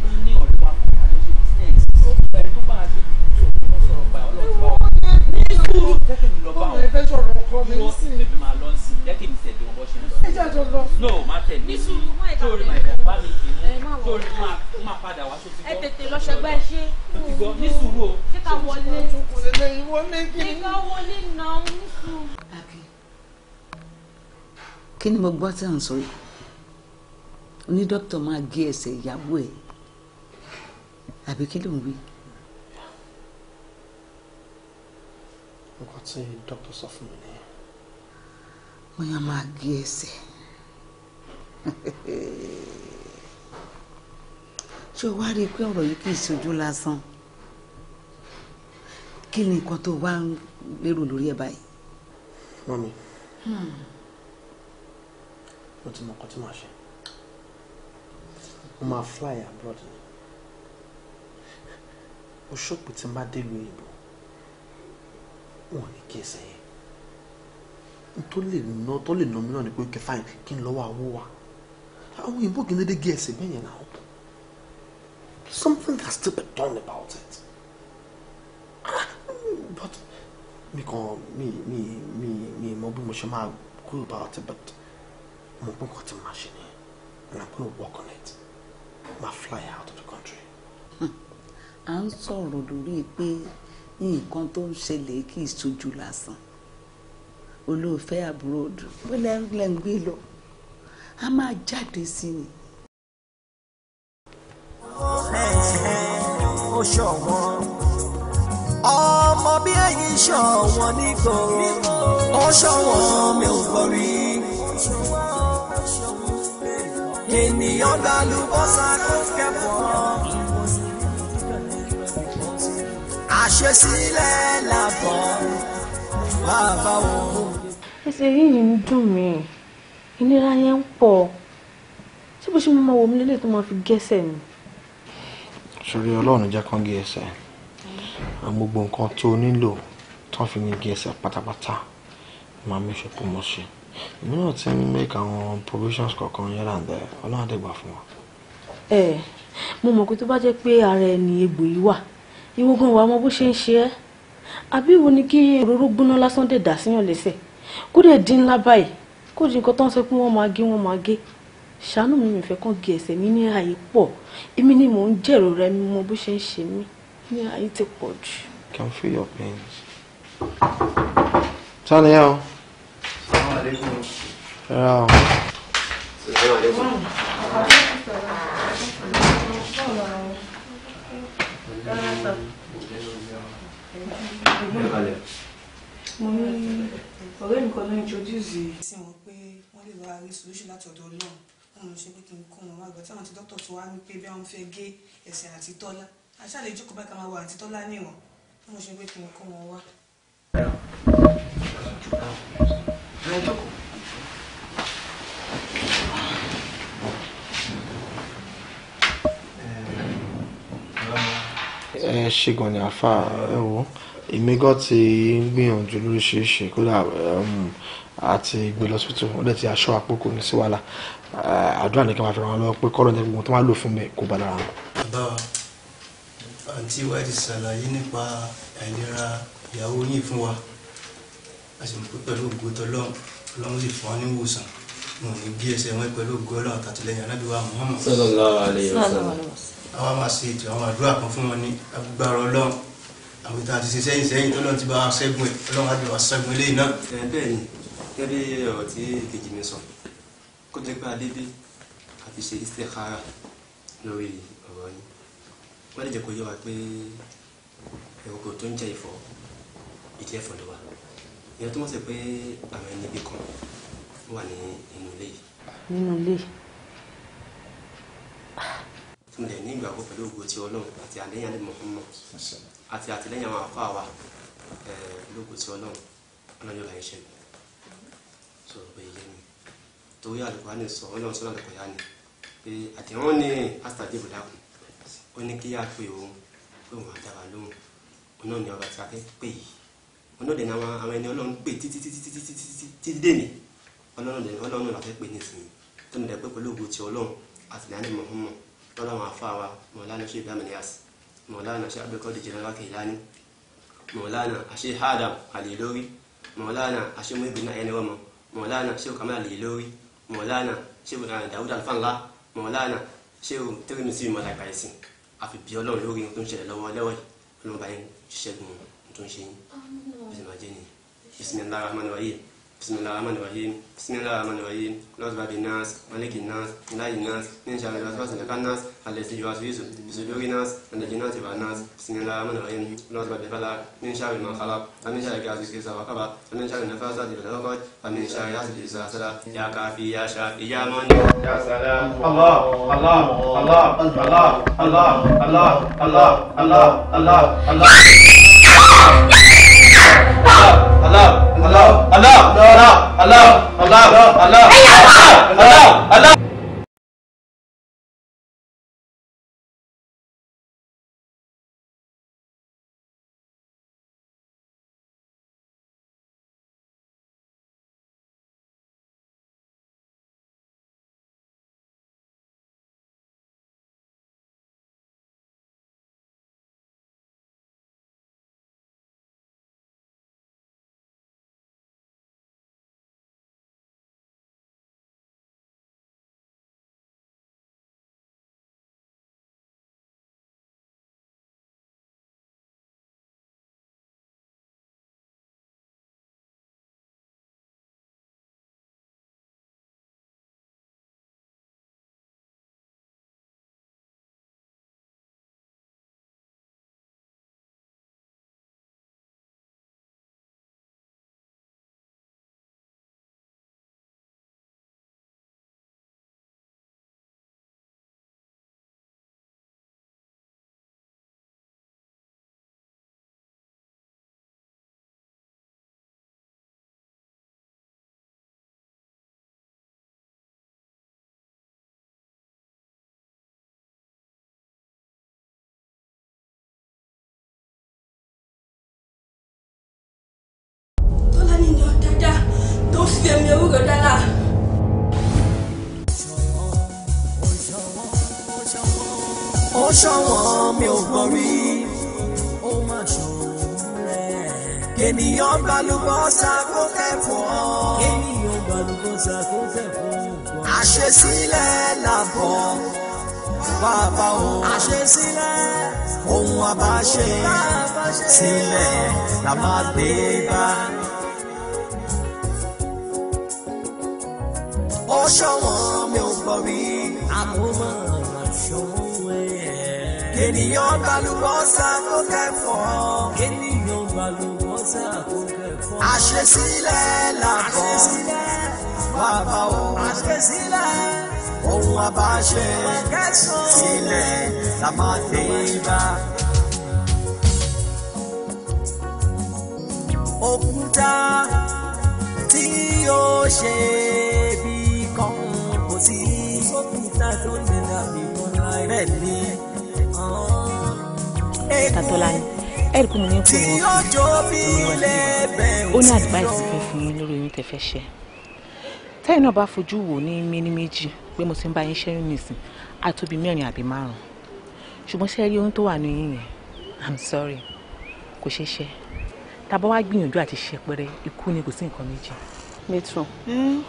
fún no má tẹ̀lé mi lórí máa bẹ̀ bá mi dì mú lórí máa padà wá sófin gbọ́. ẹ tètè kí ni mo gbọ́ tí à ń sọ yìí oní dókítà máa gé ẹsẹ̀ ìyàwó ẹ̀ àbí kí ló ń wí. nǹkan tí dókítà sọ fún mi nìyẹn. wọ́n yàn máa gé ẹsẹ̀ ṣé o wá rí i pé ọ̀rọ̀ yìí kì í ṣojú lásán kí ni nǹkan tó wá ń lérò lórí ẹ̀ báyìí. mọ́mi hmm. mo ti mọ nǹkan tí màá ṣe mo máa fly abroad ni mo ṣọ́pù tí n bá délùú òyìnbó wọn ò ní kí ẹsẹ̀ yẹn tó lè ná tó lè ná mi náà ni pé ó kẹ fáìn kí n lọ́wọ́ àwọ̀ wa àwọn òyìnbó kì í dédé gé ẹsẹ̀ bẹ́ẹ̀ yẹn náà something has to be done about it ah, but mi kàn mi mi mi mi mọ bí mo ṣe máa go about it but mo gbọ́n kan tí mo máa ṣe nìyẹn and I'm gonna work on it máa fly out of the country. Hmm. à ń sọ̀rọ̀ lórí pé nǹkan tó ń ṣẹlẹ̀ kì í ṣojú lásán olóòfẹ́ abroad bọ́lá ẹ̀ ń gbé lọ a máa jáde sí ni. ọmọ bí ẹ̀yin ṣọ̀wọ́n nígbò ó ṣọ̀wọ́n mi ò gbọ́ rí i ènìyàn lálùbọ́sà kò kẹ́kọ̀ọ́. àṣesílẹ̀ làbọ̀ bàbá wo. ẹsẹ̀ yìí ń dùn mí ìnira yẹn ń pọ̀ ṣé bó ṣe mo máa wò mí lélẹ̀ tó máa fi gẹ́sẹ̀ mi. sori ọlọ́run jẹ́ kán gé ẹsẹ̀ àmọ́ gbogbo nǹkan tó o nílò tán fi ní gé ẹsẹ̀ pátápátá màá mú ìṣòpọ̀ mọ́ ṣe èmi náà ti ń make àwọn provisions kọ̀ọ̀kan yálà ǹdẹ ọlọ́run àdẹ́gbà fún wa. ẹ mo mọ̀ pé tó bá jẹ́ pé ara ẹni egbò yìí wà ìwọ gan wàá mọ bó ṣe ń ṣe ẹ́ àbí ìwọ ni kí òróró gbóná lásán dẹ̀ dà síyàn lẹ́sẹ̀ kó dẹ̀ dín ńlá báyìí kó di nǹkan tó ń sọ pé wọ́n máa gé wọ́n máa gé ṣàánú mi ìfẹ́ kan gé ẹsẹ̀ mi ní ààyè pọ̀ èmi ni mò ń jẹ̀rọ rẹ mi mọ bó ṣe ń ṣe mí ní ààyè ti pọ̀ jù. can feel your pain. tani ẹ o mo ní ọ̀rẹ́ mi kan ló introduce sí wọn pé wọ́n lè lọ́ra rí solution láti ọ̀dọ̀ ọlọ́run wọn ló ṣe pé kí n kó wọn wá gbà táwọn ti dókítà tó wá ní pé bí àwọn fẹ́ gé ẹ̀sìn àti tọ́lá àṣà lè jókòó báyìí ká máa wà àti tọ́lá níwọ̀n wọn ló ṣe pé kí n kó wọn wá ẹ jókòó. ẹ ṣe gan ni àfa ẹ wò èmi gan ti ń gbìyànjú lóríṣiríṣi kódà àti um, gbé lọ síbítù ó dẹ̀ ti aṣọ àpò kò ní sí wàhálà àdúrà nìkan máa fi ràn wọ́n lọ́wọ́ pé kọ́lọ́ ní gbogbo tó máa lò fún mi kò bá lára wọn. bàbá àǹtí wa ṣàlàyé nípa àìlera ìyàwó yín fún wa a sì mọ̀ pé pẹ̀lú ògo tọlọ́run ọlọ́run sì fún wa ní ìwòsàn wọn ní bí ẹsẹ̀ wọn pẹ̀lú ògo ọlọ́run àtàtìlẹ́yìn anábìwá Muhammad. sallallahu alaihi wasallam. àwa máa ṣe ètò àwọn àdúrà kan fún wọn ní agbára ọlọ́run àwọn ìta àti sẹ́yìn sẹ́yìn tọ́lọ́run ti bá wa ṣẹ́gun ẹ̀ ọlọ́run á ti wá ṣẹ́gun eléyìí náà. bẹ́ẹ̀ ni gẹ́gẹ́ ọ̀rọ̀ tí èkejì mi sọ kó jẹ́ pé adébí àti ṣe lórí ọ̀rọ̀ yìí wọ́n lè jẹ́ kó yé wa pé ẹ̀rọ kò tó ń jẹ́ ìfọ̀ ìdí ẹ̀fọ́ ló ìyẹn tó mọ̀ sí pé àwọn ẹni ibi kan wà ní inú ilé yìí. nínú ilé. mo lè ní ìgbàgbọ́ pẹ̀lú ògo ti ọlọ́run àti àlẹ́yìn alẹ́ mọ̀ọ́mọ́ àti àtìlẹ́yìn àwọn afọ àwa lógo ti ọlọ́run ọlọ́run yóò bá ṣẹ́gun sọ̀rọ̀ pé iye mi torí àlùkò á ní sọ ọlọ́run sọ́nà àlùkò yá ni pé àdéhùn ní àtàdébò dákun ó ní kí á pè òun pé òun á dára lóhùn òun náà ní ọba tí a fẹ́ pè yìí ọlọ́dẹ náà àwọn ẹni ọlọ́run pè títí títí títí títí títí dèní ọlọ́run dẹ̀ ọlọ́run náà fẹ́ pè nísìnyí tọ́nu dẹ̀ pé pẹ̀lú ògùn ti ọlọ́run àtìlẹ́yìn mọ̀ọ́mọ̀ lọ́lọ́run àfa wa mọ̀ọ́lánà ṣe ibrahim elias mọ̀ọ́lánà ṣe abdulkadir jẹnẹra kẹhìlání mọ̀ọ́lánà àṣe hadam àlèlórí mọ̀ọ́lánà àṣe muhibina ẹniwọ́mọ mọ̀ọ́lánà ṣe kamal àlèlórí mọ̀ọ́lánà ṣe dawud alfanla mọ̀ọ́lánà ṣe tirimisi mọ̀ọ́lá ìpàyẹ̀sìn àfi bí ọlọ́run lórí ohun tó ń ṣẹlẹ̀ lọ́wọ́ lẹ́wọ̀ ọlọ́run báyìí ṣiṣẹ́ gbọ̀n ohun tó ń ṣe yín بسم الله الرحمن الرحيم بسم الله الرحمن الرحيم بسم الله الرحمن الرحيم لوز بابي ناس مالك الناس اله الناس من شر الوسواس الخناس الذي يوسوس في صدور الناس من الجنة الناس بسم الله الرحمن الرحيم قل اعوذ بالفلق من الله ما خلق ومن شر غاسق إذا وقب ومن شر النفاثات في العقد ومن شر حاسد إذا حسد يا كافي يا شافي يا من يا سلام الله الله الله الله الله الله الله الله الله الله Allah Allah Allah Allah Allah Allah Allah Allah Allah. ó sì èmi orúkọ dára. ó ṣọ̀wọ́n mi ò gbọ́ rí ó má ṣòro rẹ̀. ènìyàn balùwọ̀ ṣàkó kẹ́kọ̀ọ́. ènìyàn balùwọ̀ ṣàkó kẹ́kọ̀ọ́. àṣesílẹ̀ làbọ̀ bàbá o. àṣesílẹ̀ ohun àbáṣe sílẹ̀ la máa dé bá. ṣọ̀wọ́n mi ò gbọ́ rí àkómọ̀ ṣòwò ẹ̀. ènìyàn balùbọ́sà kó kẹ́kọ̀ọ́. ènìyàn balùbọ́sà kó kẹ́kọ̀ọ́. àṣesílẹ̀ làbọ̀ bàbá o. àṣesílẹ̀ ohun àbáṣe sílẹ̀ la máa dé bá. òkúta tí yóò ṣe é kan kò sí sókùtà tó lè dàbí kan láì rẹ̀ lé. Tatọ́láni ẹ̀rì kún mi ní pé wọ́n fi ó ní advice fẹ́ fún mi lórí oyún tẹ́ fẹ́ ṣe tẹ́yìn náà bá fojú wò ní méní méjì pé mo ti ń bá yín ṣẹ́yún nìsín àtòbí mẹ́rin àbí márùn-ún ṣùgbọ́n ṣe rí oyún tó wà ní yín yẹn i'm sorry kò ṣeé ṣe tá wá gbìyànjú àti ṣe pẹrẹ ikú ni kò sí nǹkan méjì matron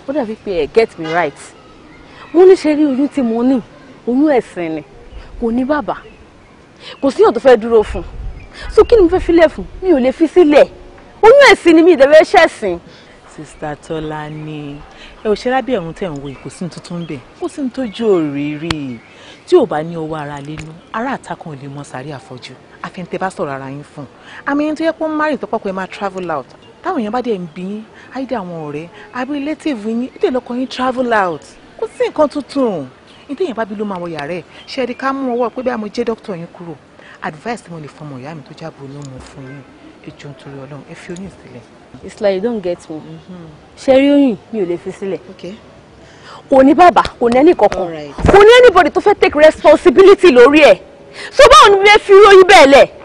ó dàbí pé ẹ get me right wọ́n ní ṣe rí oyún tí mo ní oyún ẹ̀sìn ni kò ní bàbá kò síyàn tó fẹ́ dúró fún so kí ni mo fẹ́ filẹ̀ fún mi ò lè fi sílẹ̀ oyún ẹ̀sìn ni mi ìdẹ̀rẹ̀ ṣẹ̀sìn. sista tọ́lá ni ẹ ò ṣe rábì ẹ̀rùn tẹ̀ ń wo kò sí ní tuntun bẹ́ẹ̀ kò sí ní tójú òrìrì tí ò bá ní owó ara lẹ́nu ara àtàkùn ò lè mọ sàárè àfọ́jú àfihàn tẹ bá sọ̀rọ̀ ara yín fún un àmì ẹni tó yẹ kó ń márì tó pọ̀ pé máa travel out táwọn èèyàn bá dẹ̀ ń bí yín ayé dé àwọn ọ̀rẹ́ àbí relative yín ètò ìlọ́kọ yín travel out kò sí nǹkan tuntun ní téèyàn bá bí ló máa wọ yàrá ẹ̀ ṣe é di ká mú ọwọ́ pé bí a mo jẹ́ dókítà yín kúrò advice tí mo lè fọmọ ìyá mi tó jábọ̀ ló mú fún yín ètò nítorí ọlọ́run ẹ fi oyún sílẹ̀. it's like you don't get me mm-hmm. ṣe rí oyún mi ò lè fi sílẹ̀ kò ní bàbá kò ní ẹnì kò ní anybody tó fẹ́ take responsibility lórí ẹ̀ so báwo ni mo fẹ́ fi oyún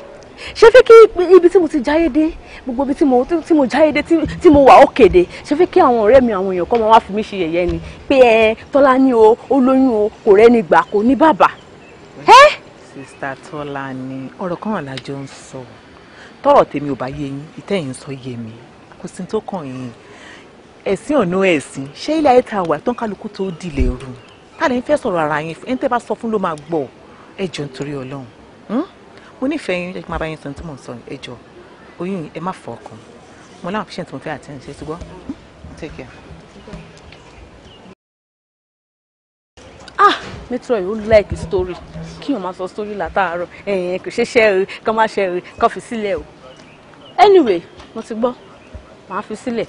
ṣe fẹ́ kí ibi tí mo ti jáyé dé gbogbo ibi tí mo jáyé dé tí mo wà òkèdè ṣe fẹ́ kí àwọn ọ̀rẹ́ mi àwọn èèyàn kọ́ máa wá fi mí ṣe yẹ̀yẹ́ ni pé ẹ Tọ́lání o olóyún o kò rẹ́ni gbà kò ní bàbá. sista Tọ́lání ọ̀rọ̀ kan wà lájọ ń sọ tọ́rọ̀ tèmi ò bá yé yín ìtẹ́yìn sọ yé mi kò sí tó kàn yín ẹ̀sìn ọ̀nà ẹ̀sìn ṣé ilé ayé ta wà tó ń kálukú tó dìlẹ̀ rù tá lè ń fẹ́ sọ̀rọ̀ mo nífẹ̀ẹ́ yín jẹ́ kí n máa bá yín sọ̀rọ̀ tí mò ń sọ ẹ oyún ẹ má fọ ọkàn mo láwọn patient mo fẹ́ àtẹ̀yìn ṣe ṣùgbọ́n take care. ah metro yìí ó like story kí wọ́n máa sọ story látàárọ̀ ẹ̀yìn kò ṣe ṣẹ́ rí kọ́ máa ṣẹ́ rí kọ́ fi sílẹ̀ o anyway mo ti gbọ́ màá fi sílẹ̀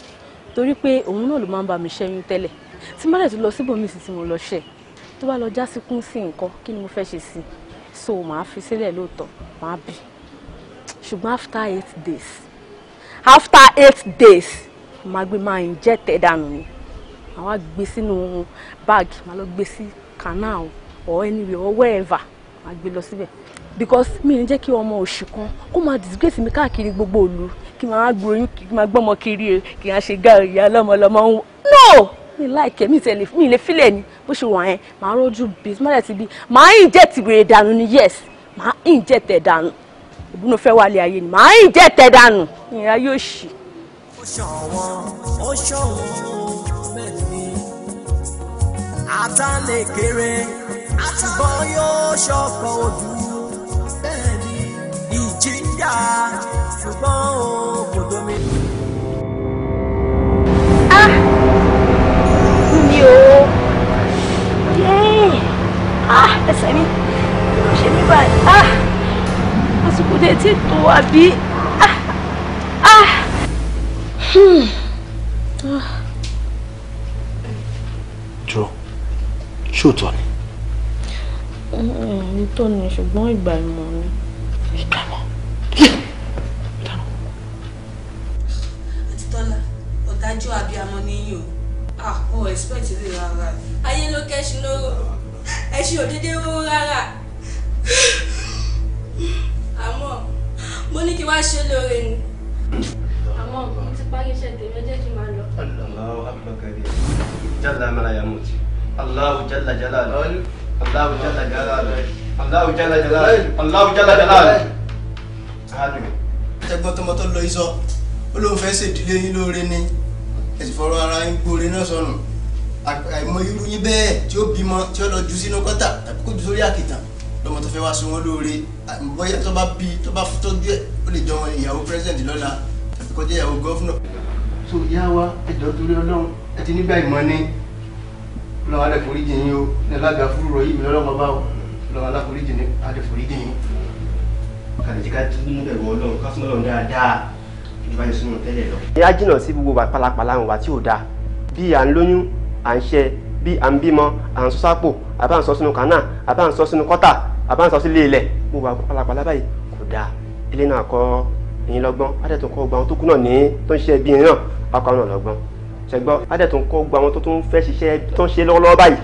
torí pé òun náà ló máa ń bá mi ṣẹ́yún tẹ́lẹ̀ tí mọ́lẹ̀ tó lọ síbòmíì sí tí mo lọ ṣẹ́ tó bá lọ jásíkún sí nǹkan kí ni mo fẹ́ ṣe sí i so màá fi sílẹ̀ lóòótọ́ màá bì ṣùgbọ́n after eight days after eight days màá gbé máa inject ẹ̀ dànù ni màá wá gbé sínú báàgì màá lọ gbé sí canal or anywhere or wherever màá gbé lọ síbẹ̀ because mi ní jẹ́ kí ọmọ oṣù kan kó máa disgrace mi káàkiri gbogbo ìlú kí máa gbóyún kí máa gbọ́mọ kiri kí máa ṣe gáà ìyá lọ́mọlọ́mọ ń wọ no mi láìkẹ́ mi tẹ̀lé mi lè fílẹ̀ ni bó ṣe wà yẹn màá rójú bí mọ́lẹ̀ ti bí màá inject wèrè dànù ni yes màá inject ẹ̀ dànù ìbúnú fẹ́ wálé ayé ni màá inject ẹ̀ dànù ìyá yóò ṣì. ó ṣọ̀wọ́n ó ṣọ̀wọ́n bẹ́ẹ̀ àtàlẹ̀ kéré àtúbọ̀ yóò ṣọ̀kọ̀ ojú bẹ́ẹ̀ ni ìjìyà ṣùgbọ́n ó kò Ah, ẹsẹ̀ mi kí ló ṣe mí báyìí ah, àsìkò dé tí tó àbí. jọ ah, ah. hmm. ṣóòtọ́ ni. Hmm, òótọ́ ni ṣùgbọ́n ìgbà ìmọ̀ ni. ìgbà ìmọ̀ àti tọ́lá ọ̀dájú abiyamọ ni yín o ah mo expect ilé rárá ayé ló kẹ́sí lóró ẹṣin ò déédéé ró rárá àmọ́ mo ní kí wá ṣe lóore ni. àmọ́ mo ti parí iṣẹ́ tèmi ẹ jẹ́ kí n máa lọ. Allahu akbar jalla mala yamut Allahu jalla jalaluhu Allahu jalla jalaluhu Allahu jalla jalaluhu Allahu jalla jalaluhu. ẹgbọ́n tọmọ tó lọ iṣọ́ ó lóun fẹ́ ṣèdílé yín lóore ni ẹ̀sìn fọ̀rọ̀ ara yín gbóore náà sọnù àìmọ irú yín bẹ́ẹ̀ tí ó bímọ tí ó lọ jù sínú gọ́tà àbí kó jù sórí àkìtàn lọ́mọ tó fẹ́ wá sun wọn lóore bóyá tó bá bí tó bá tọ́jú ẹ̀ ó lè jọ ìyàwó president lọ́la tàbí kọjá ìyàwó gọ́fúnà. so ìyá wa ẹjọ́ torí ọlọ́run ẹ ti nígbà ìmọ̀ ni lọ́wọ́ alẹ́ foríjì yín o ní alága fúrúrọ yìí mi lọ́lọ́mọ bá o lọ́wọ́ alẹ́ foríjì yín alẹ́ foríjì yín. kàlẹ́ jẹ́ ká nínú ẹ̀rọ ọlọ́run ká súnmọ́ ọlọ́run dáadáa ìjọba yẹn súnmọ́ tẹ́lẹ̀ lọ. ìyá jìnnà sí gbogbo wa pálapàla àwọn wa tí à ń ṣe bí à ń bímọ à ń sọ sápò àbá ń sọ sínú kànáà àbá ń sọ sínú kọ́tà àbá ń sọ sílé ilẹ̀ mo wà pàlàpàlà báyìí kò dáa ilé náà kọ́ ẹ̀yin lọ́gbọ́n adẹ́tò kọ́ gba àwọn tó kú náà ní tó ń ṣe ẹbí yẹn náà akọ àwọn lọ́gbọ́n ṣẹgbọ́n adẹ́tò kọ́ gba àwọn tó tún fẹ́ ṣiṣẹ́ tó ń ṣe lọ́wọ́lọ́wọ́ báyìí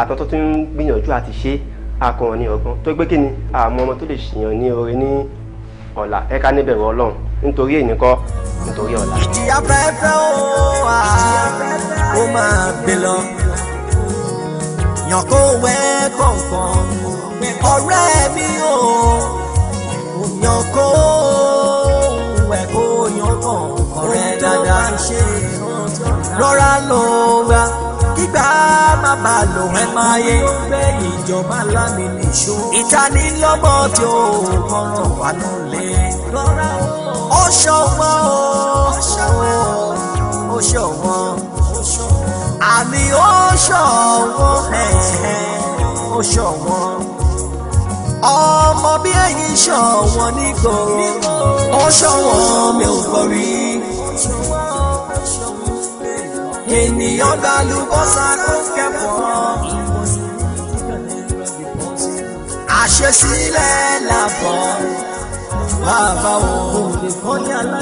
àtọ́ tó tún gbìyànjú àti ṣe akọ̀ọ̀ni ọgbọ́n tó gbé kíni àmọ́ ọmọ tó lè ṣèyàn ní oore ní ọ̀la ẹ ká níbẹ̀rù ọlọ́run nítorí èyí kọ́ nítorí ọ̀la. ìjìyà fẹ́fẹ́ ó wà ó máa gbé lọ yàn kó wẹ́ kọ̀ọ̀kan ọ̀rẹ́ mi ò yàn kó wẹ́ kó yàn kọ̀ọ̀kan ọ̀rẹ́ dáadáa ṣe é rọra lọ wa kígbà má bà lò ẹ máa yẹ bẹ́ ìjọba lámì nìṣó. ìtanilọ́mọ tí ó kọ́rọ̀ wà lọ́lẹ̀ rọra ó ṣọwọ́ ó ṣọwọ́ ó ṣọwọ́ àmì ó ṣọwọ́ ó ṣọwọ́ ọmọ bí ẹyin ṣọwọ́ nígboro ó ṣọwọ́ mi ò gbọ́ rí ènìyàn gba àlùbọ́sà kó kẹ́kọ̀ọ́. àṣesílẹ̀ làbọ̀ bàbá wo.